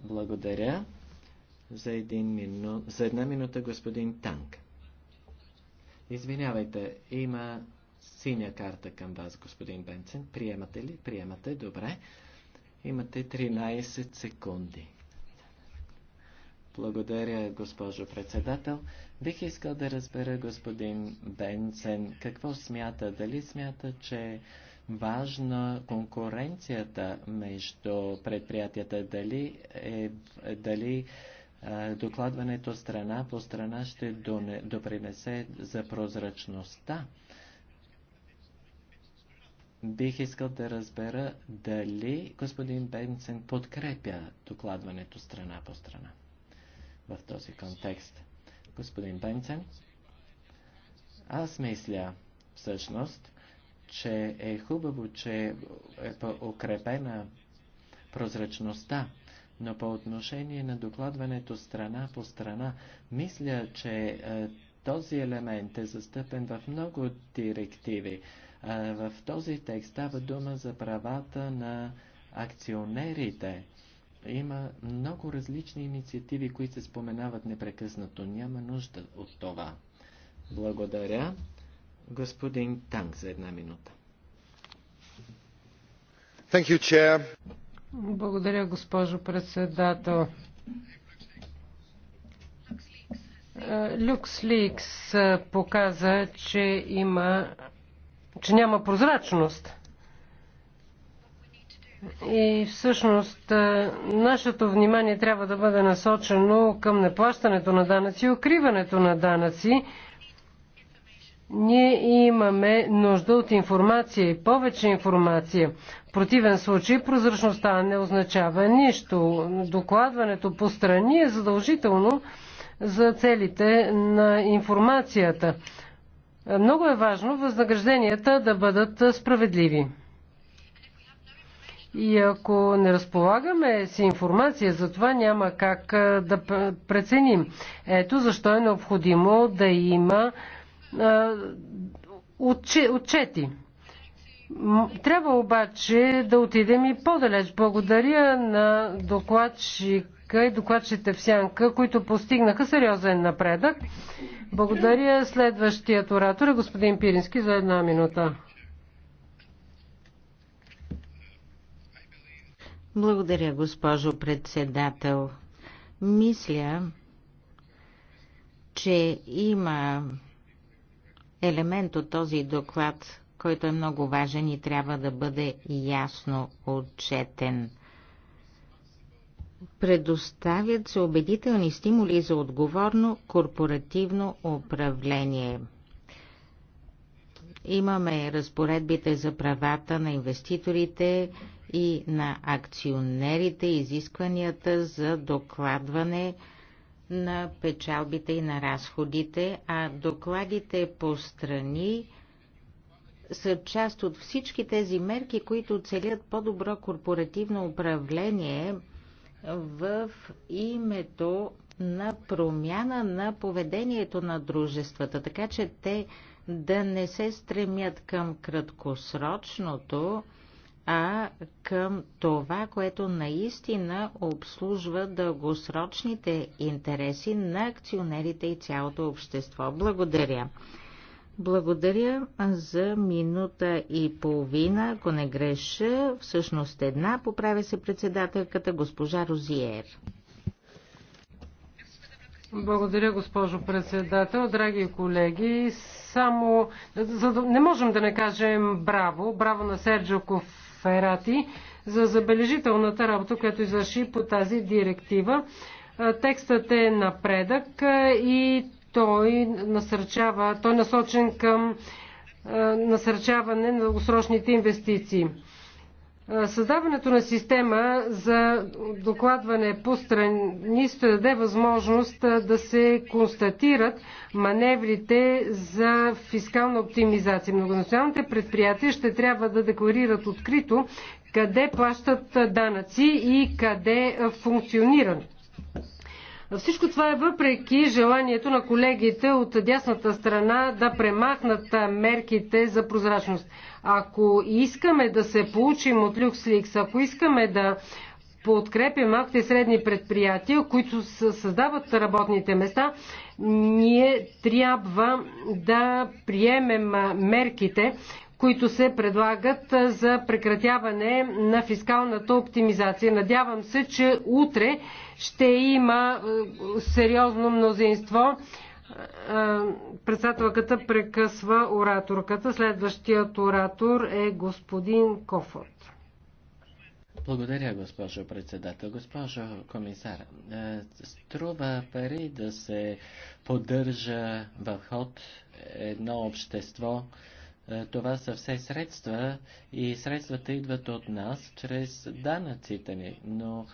Благодаря. За, един мину... за една минута господин Танк. Извинявайте, има синя карта към вас, господин Бенцен. Приемате ли? Приемате. Добре. Имате 13 секунди. Благодаря, госпожо председател. Бих искал да разбера господин Бенсен какво смята. Дали смята, че важна конкуренцията между предприятията? Дали, е, дали е, докладването страна по страна ще допринесе за прозрачността? Бих искал да разбера дали господин Бенсен подкрепя докладването страна по страна в този контекст. Господин Бенцен, аз мисля всъщност, че е хубаво, че е укрепена прозрачността, но по отношение на докладването страна по страна, мисля, че е, този елемент е застъпен в много директиви. Е, в този текст става дума за правата на акционерите. Има много различни инициативи, които се споменават непрекъснато. Няма нужда от това. Благодаря. Господин Танк за една минута. Thank you, chair. Благодаря, госпожо председател. LuxLeaks показа, че има че няма прозрачност. И всъщност нашето внимание трябва да бъде насочено към неплащането на данъци и укриването на данъци. Ние имаме нужда от информация и повече информация. В противен случай прозрачността не означава нищо. Докладването по страни е задължително за целите на информацията. Много е важно възнагражденията да бъдат справедливи. И ако не разполагаме с информация за това, няма как да преценим. Ето защо е необходимо да има отчети. Трябва обаче да отидем и по-далеч. Благодаря на докладчика и докладчите в Сянка, които постигнаха сериозен напредък. Благодаря следващият оратор, е господин Пирински, за една минута. Благодаря, госпожо председател. Мисля, че има елемент от този доклад, който е много важен и трябва да бъде ясно отчетен. Предоставят се убедителни стимули за отговорно корпоративно управление. Имаме разпоредбите за правата на инвеститорите и на акционерите изискванията за докладване на печалбите и на разходите, а докладите по страни са част от всички тези мерки, които целят по-добро корпоративно управление в името на промяна на поведението на дружествата, така че те да не се стремят към краткосрочното, а към това, което наистина обслужва дългосрочните интереси на акционерите и цялото общество. Благодаря. Благодаря за минута и половина, ако не греша, всъщност една, поправя се председателката госпожа Розиер. Благодаря, госпожо председател. Драги колеги, само за да, не можем да не кажем браво. Браво на Серджоков Ферати за забележителната работа, която извърши по тази директива. Текстът е напредък и той насърчава, той е насочен към насърчаване на дългосрочните инвестиции. Създаването на система за докладване по страни ще даде възможност да се констатират маневрите за фискална оптимизация. Многонационалните предприятия ще трябва да декларират открито къде плащат данъци и къде функционират. Всичко това е въпреки желанието на колегите от дясната страна да премахнат мерките за прозрачност. Ако искаме да се получим от Люксликс, ако искаме да подкрепим малките средни предприятия, които създават работните места, ние трябва да приемем мерките, които се предлагат за прекратяване на фискалната оптимизация. Надявам се, че утре ще има сериозно мнозинство е, е, председателката прекъсва ораторката. Следващият оратор е господин Кофот. Благодаря, госпожо председател. Госпожо комисар, е, струва пари да се поддържа в ход едно общество. Това са все средства и средствата идват от нас чрез данъците ни, но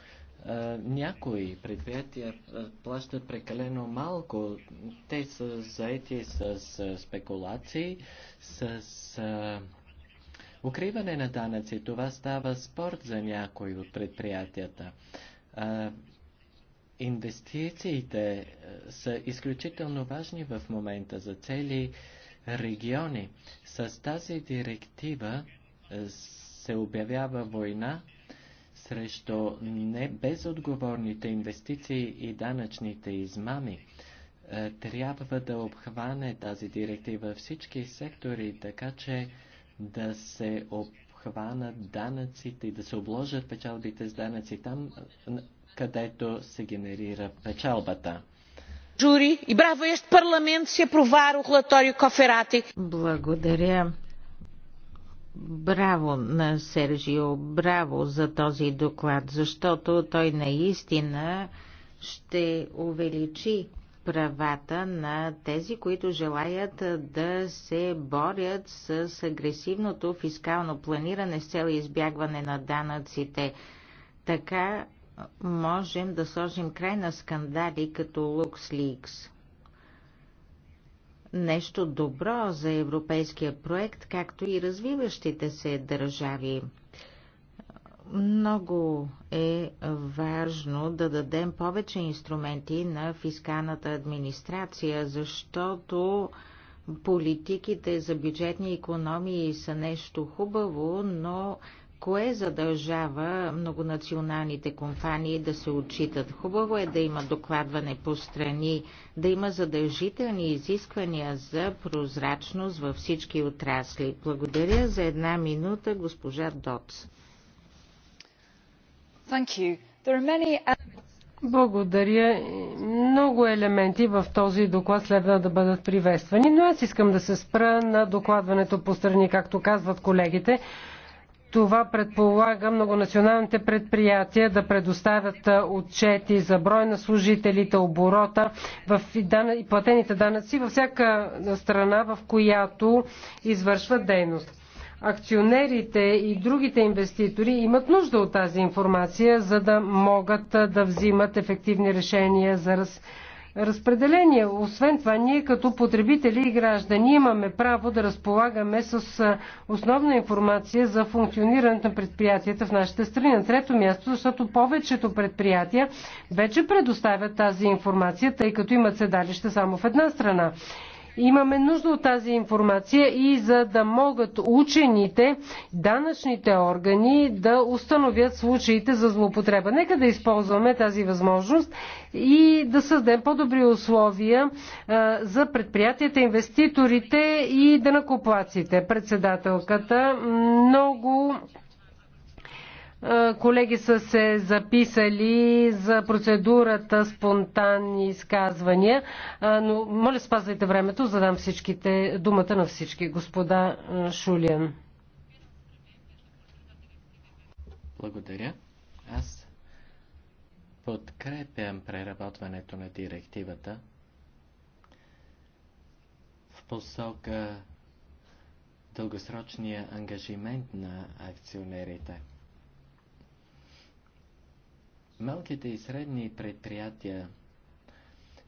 е, някои предприятия е, плащат прекалено малко. Те са заети с е, спекулации, с укриване на данъци. Това става спорт за някои от предприятията. Инвестициите са изключително важни в момента за цели региони. С тази директива се обявява война срещу не безотговорните инвестиции и данъчните измами. Е, трябва да обхване тази директива всички сектори, така че да се обхванат данъците и да се обложат печалбите с данъци там, където се генерира печалбата. Е Благодаря. Браво на Сержио, браво за този доклад, защото той наистина ще увеличи правата на тези, които желаят да се борят с агресивното фискално планиране с цел избягване на данъците. Така можем да сложим край на скандали като LuxLeaks нещо добро за европейския проект, както и развиващите се държави. Много е важно да дадем повече инструменти на фискалната администрация, защото политиките за бюджетни економии са нещо хубаво, но кое задължава многонационалните компании да се отчитат. Хубаво е да има докладване по страни, да има задължителни изисквания за прозрачност във всички отрасли. Благодаря за една минута, госпожа Доц. Благодаря. Много елементи в този доклад следва да бъдат приветствани, но аз искам да се спра на докладването по страни, както казват колегите. Това предполага многонационалните предприятия да предоставят отчети за брой на служителите, оборота в и платените данъци във всяка страна, в която извършват дейност. Акционерите и другите инвеститори имат нужда от тази информация, за да могат да взимат ефективни решения за раз разпределение. Освен това, ние като потребители и граждани имаме право да разполагаме с основна информация за функционирането на предприятията в нашите страни. На трето място, защото повечето предприятия вече предоставят тази информация, тъй като имат седалище само в една страна. Имаме нужда от тази информация и за да могат учените, данъчните органи да установят случаите за злоупотреба. Нека да използваме тази възможност и да създадем по-добри условия за предприятията, инвеститорите и накоплаците Председателката много е, колеги са се записали за процедурата спонтанни изказвания, е, но моля спазвайте времето, задам всичките, думата на всички. Господа е, Шулиан. Благодаря. Аз подкрепям преработването на директивата в посока дългосрочния ангажимент на акционерите – Малките и средни предприятия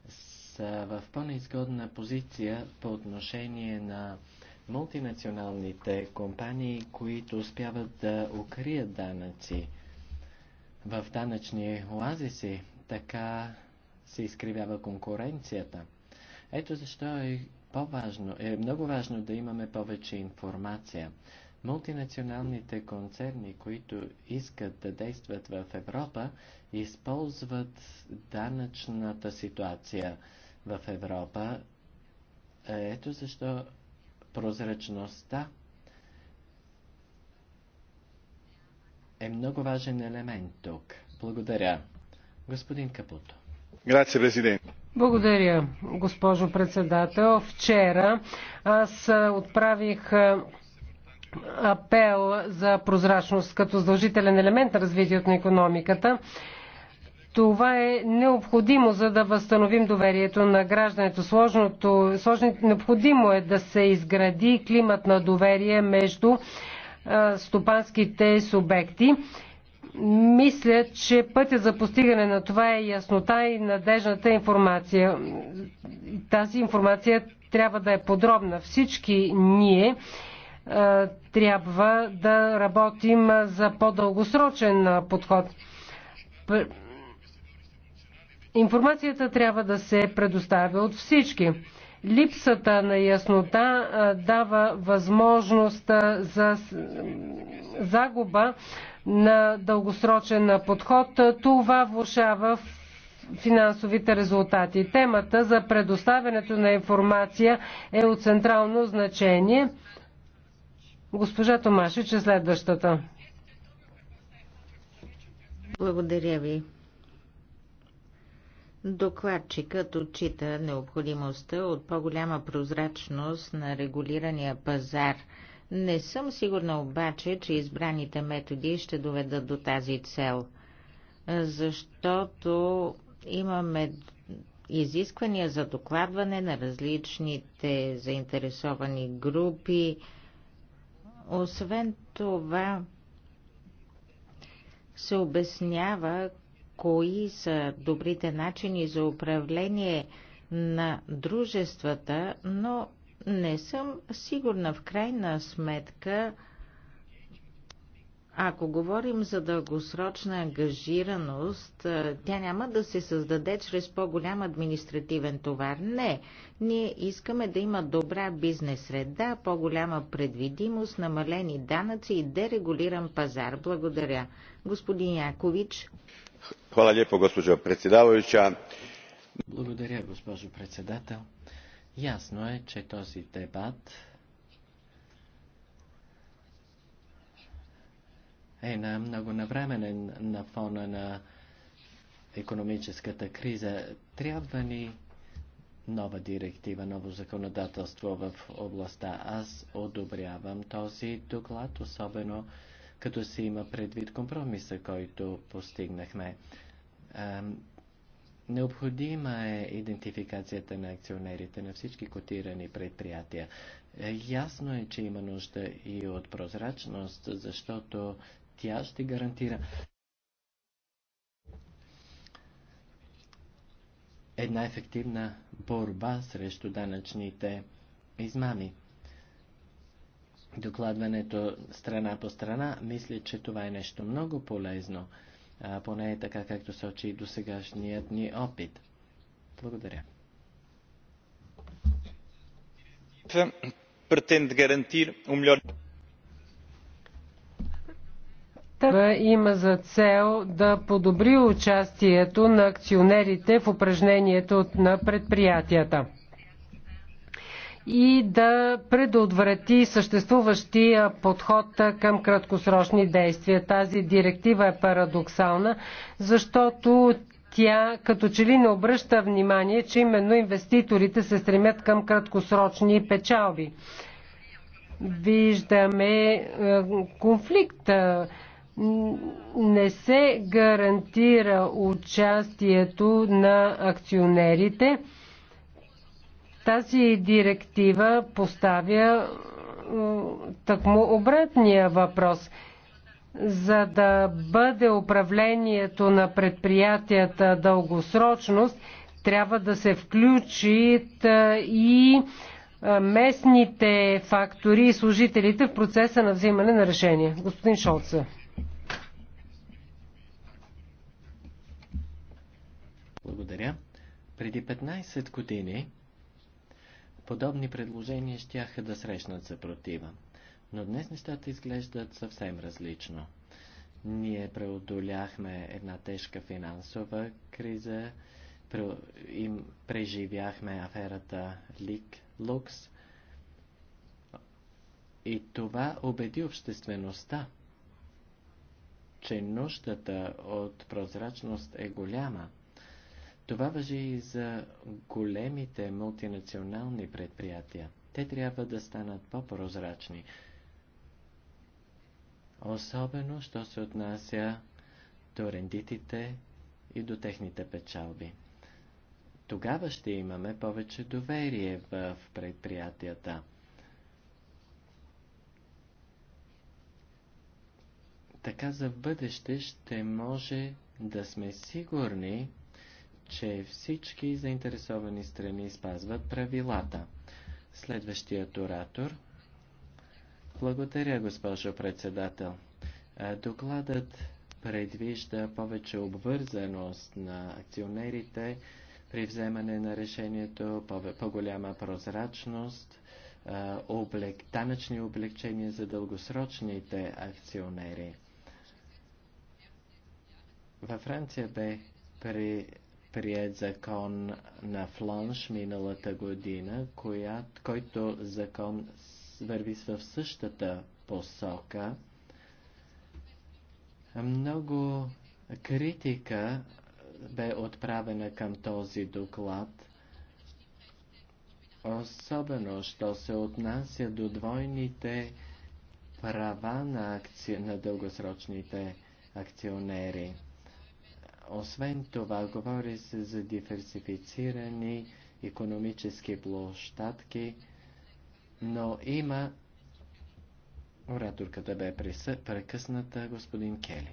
са в по-неизгодна позиция по отношение на мултинационалните компании, които успяват да укрият данъци в данъчни оазиси, така се изкривява конкуренцията. Ето защо е по-важно, е много важно да имаме повече информация. Мултинационалните концерни, които искат да действат в Европа, използват данъчната ситуация в Европа. Ето защо прозрачността е много важен елемент тук. Благодаря. Господин Капуто. Грация, президент. Благодаря, госпожо председател. Вчера аз отправих апел за прозрачност като задължителен елемент на развитието на економиката. Това е необходимо, за да възстановим доверието на гражданите. Сложното, сложно, необходимо е да се изгради климат на доверие между а, стопанските субекти. Мисля, че пътя за постигане на това е яснота и надежната информация. Тази информация трябва да е подробна. Всички ние а, трябва да работим за по-дългосрочен подход Информацията трябва да се предоставя от всички. Липсата на яснота дава възможност за загуба на дългосрочен подход. Това влушава финансовите резултати. Темата за предоставянето на информация е от централно значение. Госпожа Томашич е следващата. Благодаря ви. Докладчикът отчита необходимостта от по-голяма прозрачност на регулирания пазар. Не съм сигурна обаче, че избраните методи ще доведат до тази цел, защото имаме изисквания за докладване на различните заинтересовани групи. Освен това, се обяснява кои са добрите начини за управление на дружествата, но не съм сигурна в крайна сметка, ако говорим за дългосрочна ангажираност, тя няма да се създаде чрез по-голям административен товар. Не, ние искаме да има добра бизнес среда, по-голяма предвидимост, намалени данъци и дерегулиран пазар. Благодаря. Господин Якович gospođo predsjednice благодаря госпожо председател. ясно е че този дебат е на много навременен на фона на економическата криза. Трябва ни нова директива, ново законодателство в областта. Аз одобрявам този доклад, особено като се има предвид компромиса, който постигнахме. Необходима е идентификацията на акционерите на всички котирани предприятия. Е, ясно е, че има нужда и от прозрачност, защото тя ще гарантира една ефективна борба срещу данъчните измами докладването страна по страна, мисля, че това е нещо много полезно, а, поне е така, както сочи и досегашният ни опит. Благодаря. Um това гарантир има за цел да подобри участието на акционерите в упражнението на предприятията и да предотврати съществуващия подход към краткосрочни действия. Тази директива е парадоксална, защото тя като че ли не обръща внимание, че именно инвеститорите се стремят към краткосрочни печалби. Виждаме е, конфликт. Не се гарантира участието на акционерите тази директива поставя такмо обратния въпрос. За да бъде управлението на предприятията дългосрочност, трябва да се включат и местните фактори и служителите в процеса на взимане на решение. Господин Шолца. Благодаря. Преди 15 години Подобни предложения щяха да срещнат съпротива. Но днес нещата изглеждат съвсем различно. Ние преодоляхме една тежка финансова криза, им преживяхме аферата Лик Лукс и това убеди обществеността, че нуждата от прозрачност е голяма. Това въжи и за големите мултинационални предприятия. Те трябва да станат по-прозрачни. Особено, що се отнася до рендитите и до техните печалби. Тогава ще имаме повече доверие в предприятията. Така за бъдеще ще може да сме сигурни, че всички заинтересовани страни спазват правилата. Следващият оратор. Благодаря, госпожо председател. Докладът предвижда повече обвързаност на акционерите при вземане на решението, по-голяма по прозрачност, облег, данъчни облегчения за дългосрочните акционери. Във Франция бе при прият закон на Фланш миналата година, коя, който закон върви в същата посока. Много критика бе отправена към този доклад, особено, що се отнася до двойните права на, акци... на дългосрочните акционери. Освен това, говори се за диверсифицирани економически площадки, но има ораторката бе прекъсната господин Кели.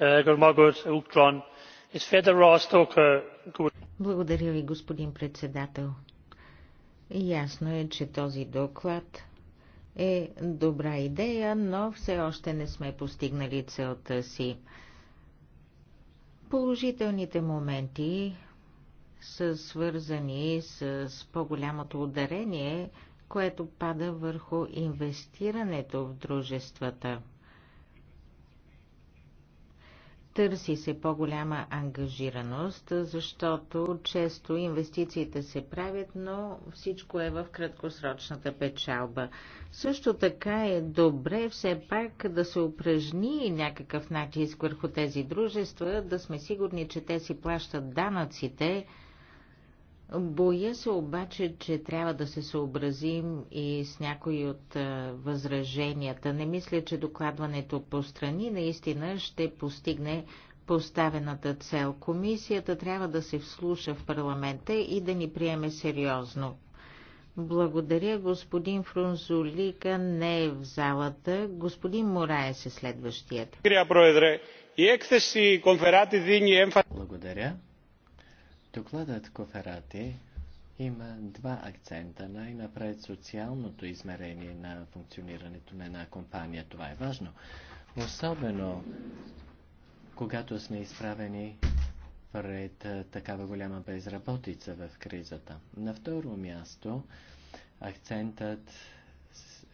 Uh, Благодаря ви, господин председател. Ясно е, че този доклад е добра идея, но все още не сме постигнали целта си. Положителните моменти са свързани с по-голямото ударение, което пада върху инвестирането в дружествата – Търси се по-голяма ангажираност, защото често инвестициите се правят, но всичко е в краткосрочната печалба. Също така е добре все пак да се упражни някакъв натиск върху тези дружества, да сме сигурни, че те си плащат данъците, Боя се обаче, че трябва да се съобразим и с някои от възраженията. Не мисля, че докладването по страни наистина ще постигне поставената цел. Комисията трябва да се вслуша в парламента и да ни приеме сериозно. Благодаря, господин Фрунзолика не е в залата. Господин Морае се следващият. Благодаря. Докладът Коферати има два акцента. Най-напред социалното измерение на функционирането на една компания. Това е важно. Особено когато сме изправени пред такава голяма безработица в кризата. На второ място акцентът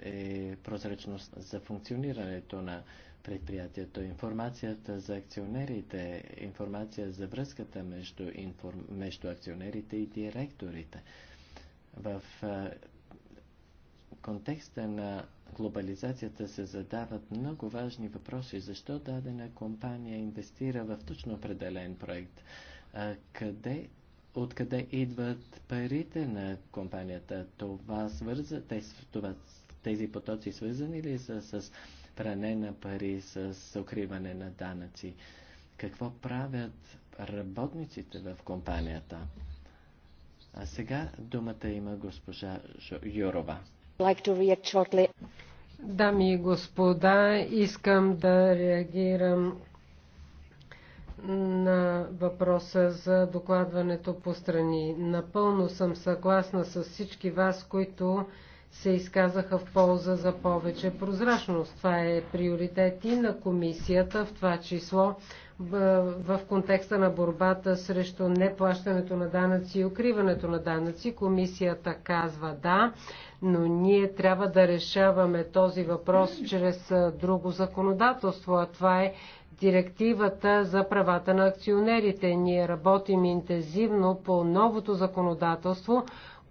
е прозрачност за функционирането на предприятието. Информацията за акционерите, информация за връзката между, информ... между акционерите и директорите. В а, контекста на глобализацията се задават много важни въпроси. Защо дадена компания инвестира в точно определен проект? А, къде Откъде идват парите на компанията? Това свърза, тези, това, тези потоци свързани ли са с пране на пари, с укриване на данъци. Какво правят работниците в компанията? А сега думата има госпожа Юрова. Like Дами и господа, искам да реагирам на въпроса за докладването по страни. Напълно съм съгласна с всички вас, които се изказаха в полза за повече прозрачност. Това е приоритет и на комисията, в това число в контекста на борбата срещу неплащането на данъци и укриването на данъци. Комисията казва да, но ние трябва да решаваме този въпрос чрез друго законодателство, а това е директивата за правата на акционерите. Ние работим интензивно по новото законодателство,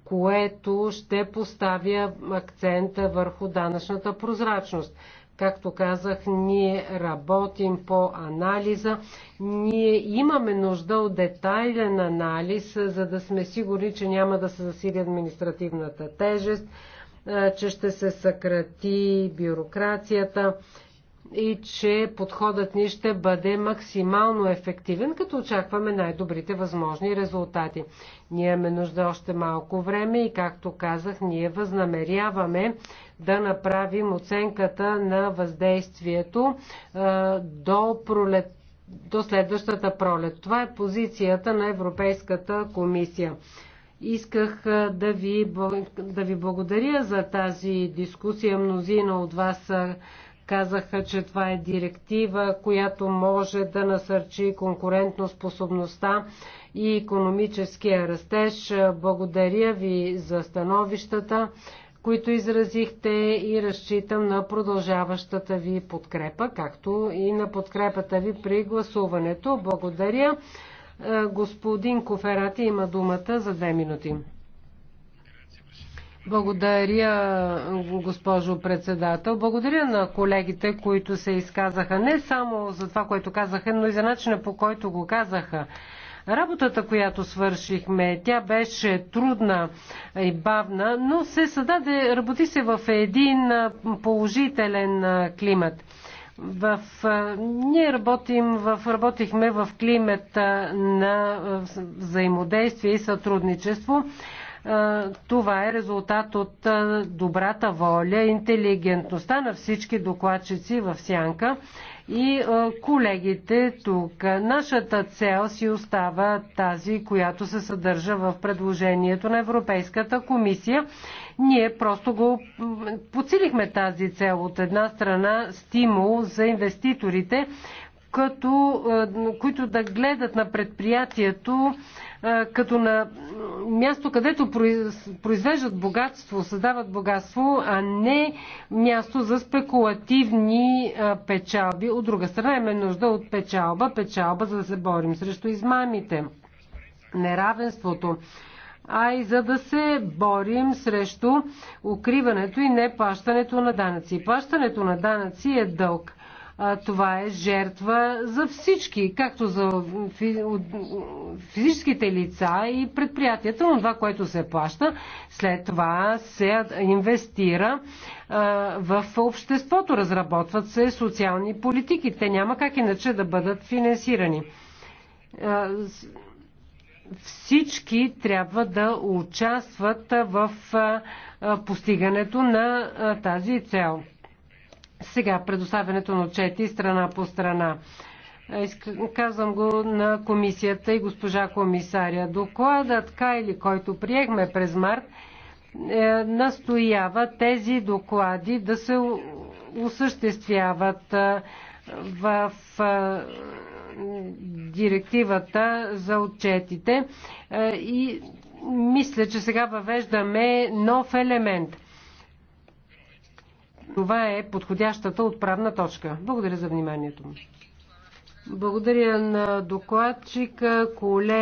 което ще поставя акцента върху данъчната прозрачност. Както казах, ние работим по анализа. Ние имаме нужда от детайлен анализ, за да сме сигурни, че няма да се засили административната тежест, че ще се съкрати бюрокрацията и че подходът ни ще бъде максимално ефективен, като очакваме най-добрите възможни резултати. Ние имаме нужда още малко време и, както казах, ние възнамеряваме да направим оценката на въздействието до пролет до следващата пролет. Това е позицията на Европейската комисия. Исках да ви, да ви благодаря за тази дискусия. Мнозина от вас Казаха, че това е директива, която може да насърчи способността и економическия растеж. Благодаря ви за становищата, които изразихте и разчитам на продължаващата ви подкрепа, както и на подкрепата ви при гласуването. Благодаря. Е, господин Коферати има думата за две минути. Благодаря, госпожо председател. Благодаря на колегите, които се изказаха не само за това, което казаха, но и за начина по който го казаха. Работата, която свършихме, тя беше трудна и бавна, но се създаде, работи се в един положителен климат. В, ние работим в, работихме в климата на взаимодействие и сътрудничество. Това е резултат от добрата воля, интелигентността на всички докладчици в Сянка и колегите тук. Нашата цел си остава тази, която се съдържа в предложението на Европейската комисия. Ние просто го подсилихме тази цел от една страна стимул за инвеститорите, като, които да гледат на предприятието като на място, където произвеждат богатство, създават богатство, а не място за спекулативни печалби. От друга страна имаме нужда от печалба, печалба за да се борим срещу измамите, неравенството а и за да се борим срещу укриването и неплащането на данъци. Плащането на данъци е дълг това е жертва за всички, както за физическите лица и предприятията, но това, което се плаща, след това се инвестира в обществото, разработват се социални политики. Те няма как иначе да бъдат финансирани. Всички трябва да участват в постигането на тази цел. Сега предоставянето на отчети страна по страна. Казвам го на комисията и госпожа комисаря. Докладът Кайли, който приехме през март, е, настоява тези доклади да се осъществяват е, в е, директивата за отчетите и мисля, че сега въвеждаме нов елемент. Това е подходящата отправна точка. Благодаря за вниманието. Благодаря на докладчика, колега.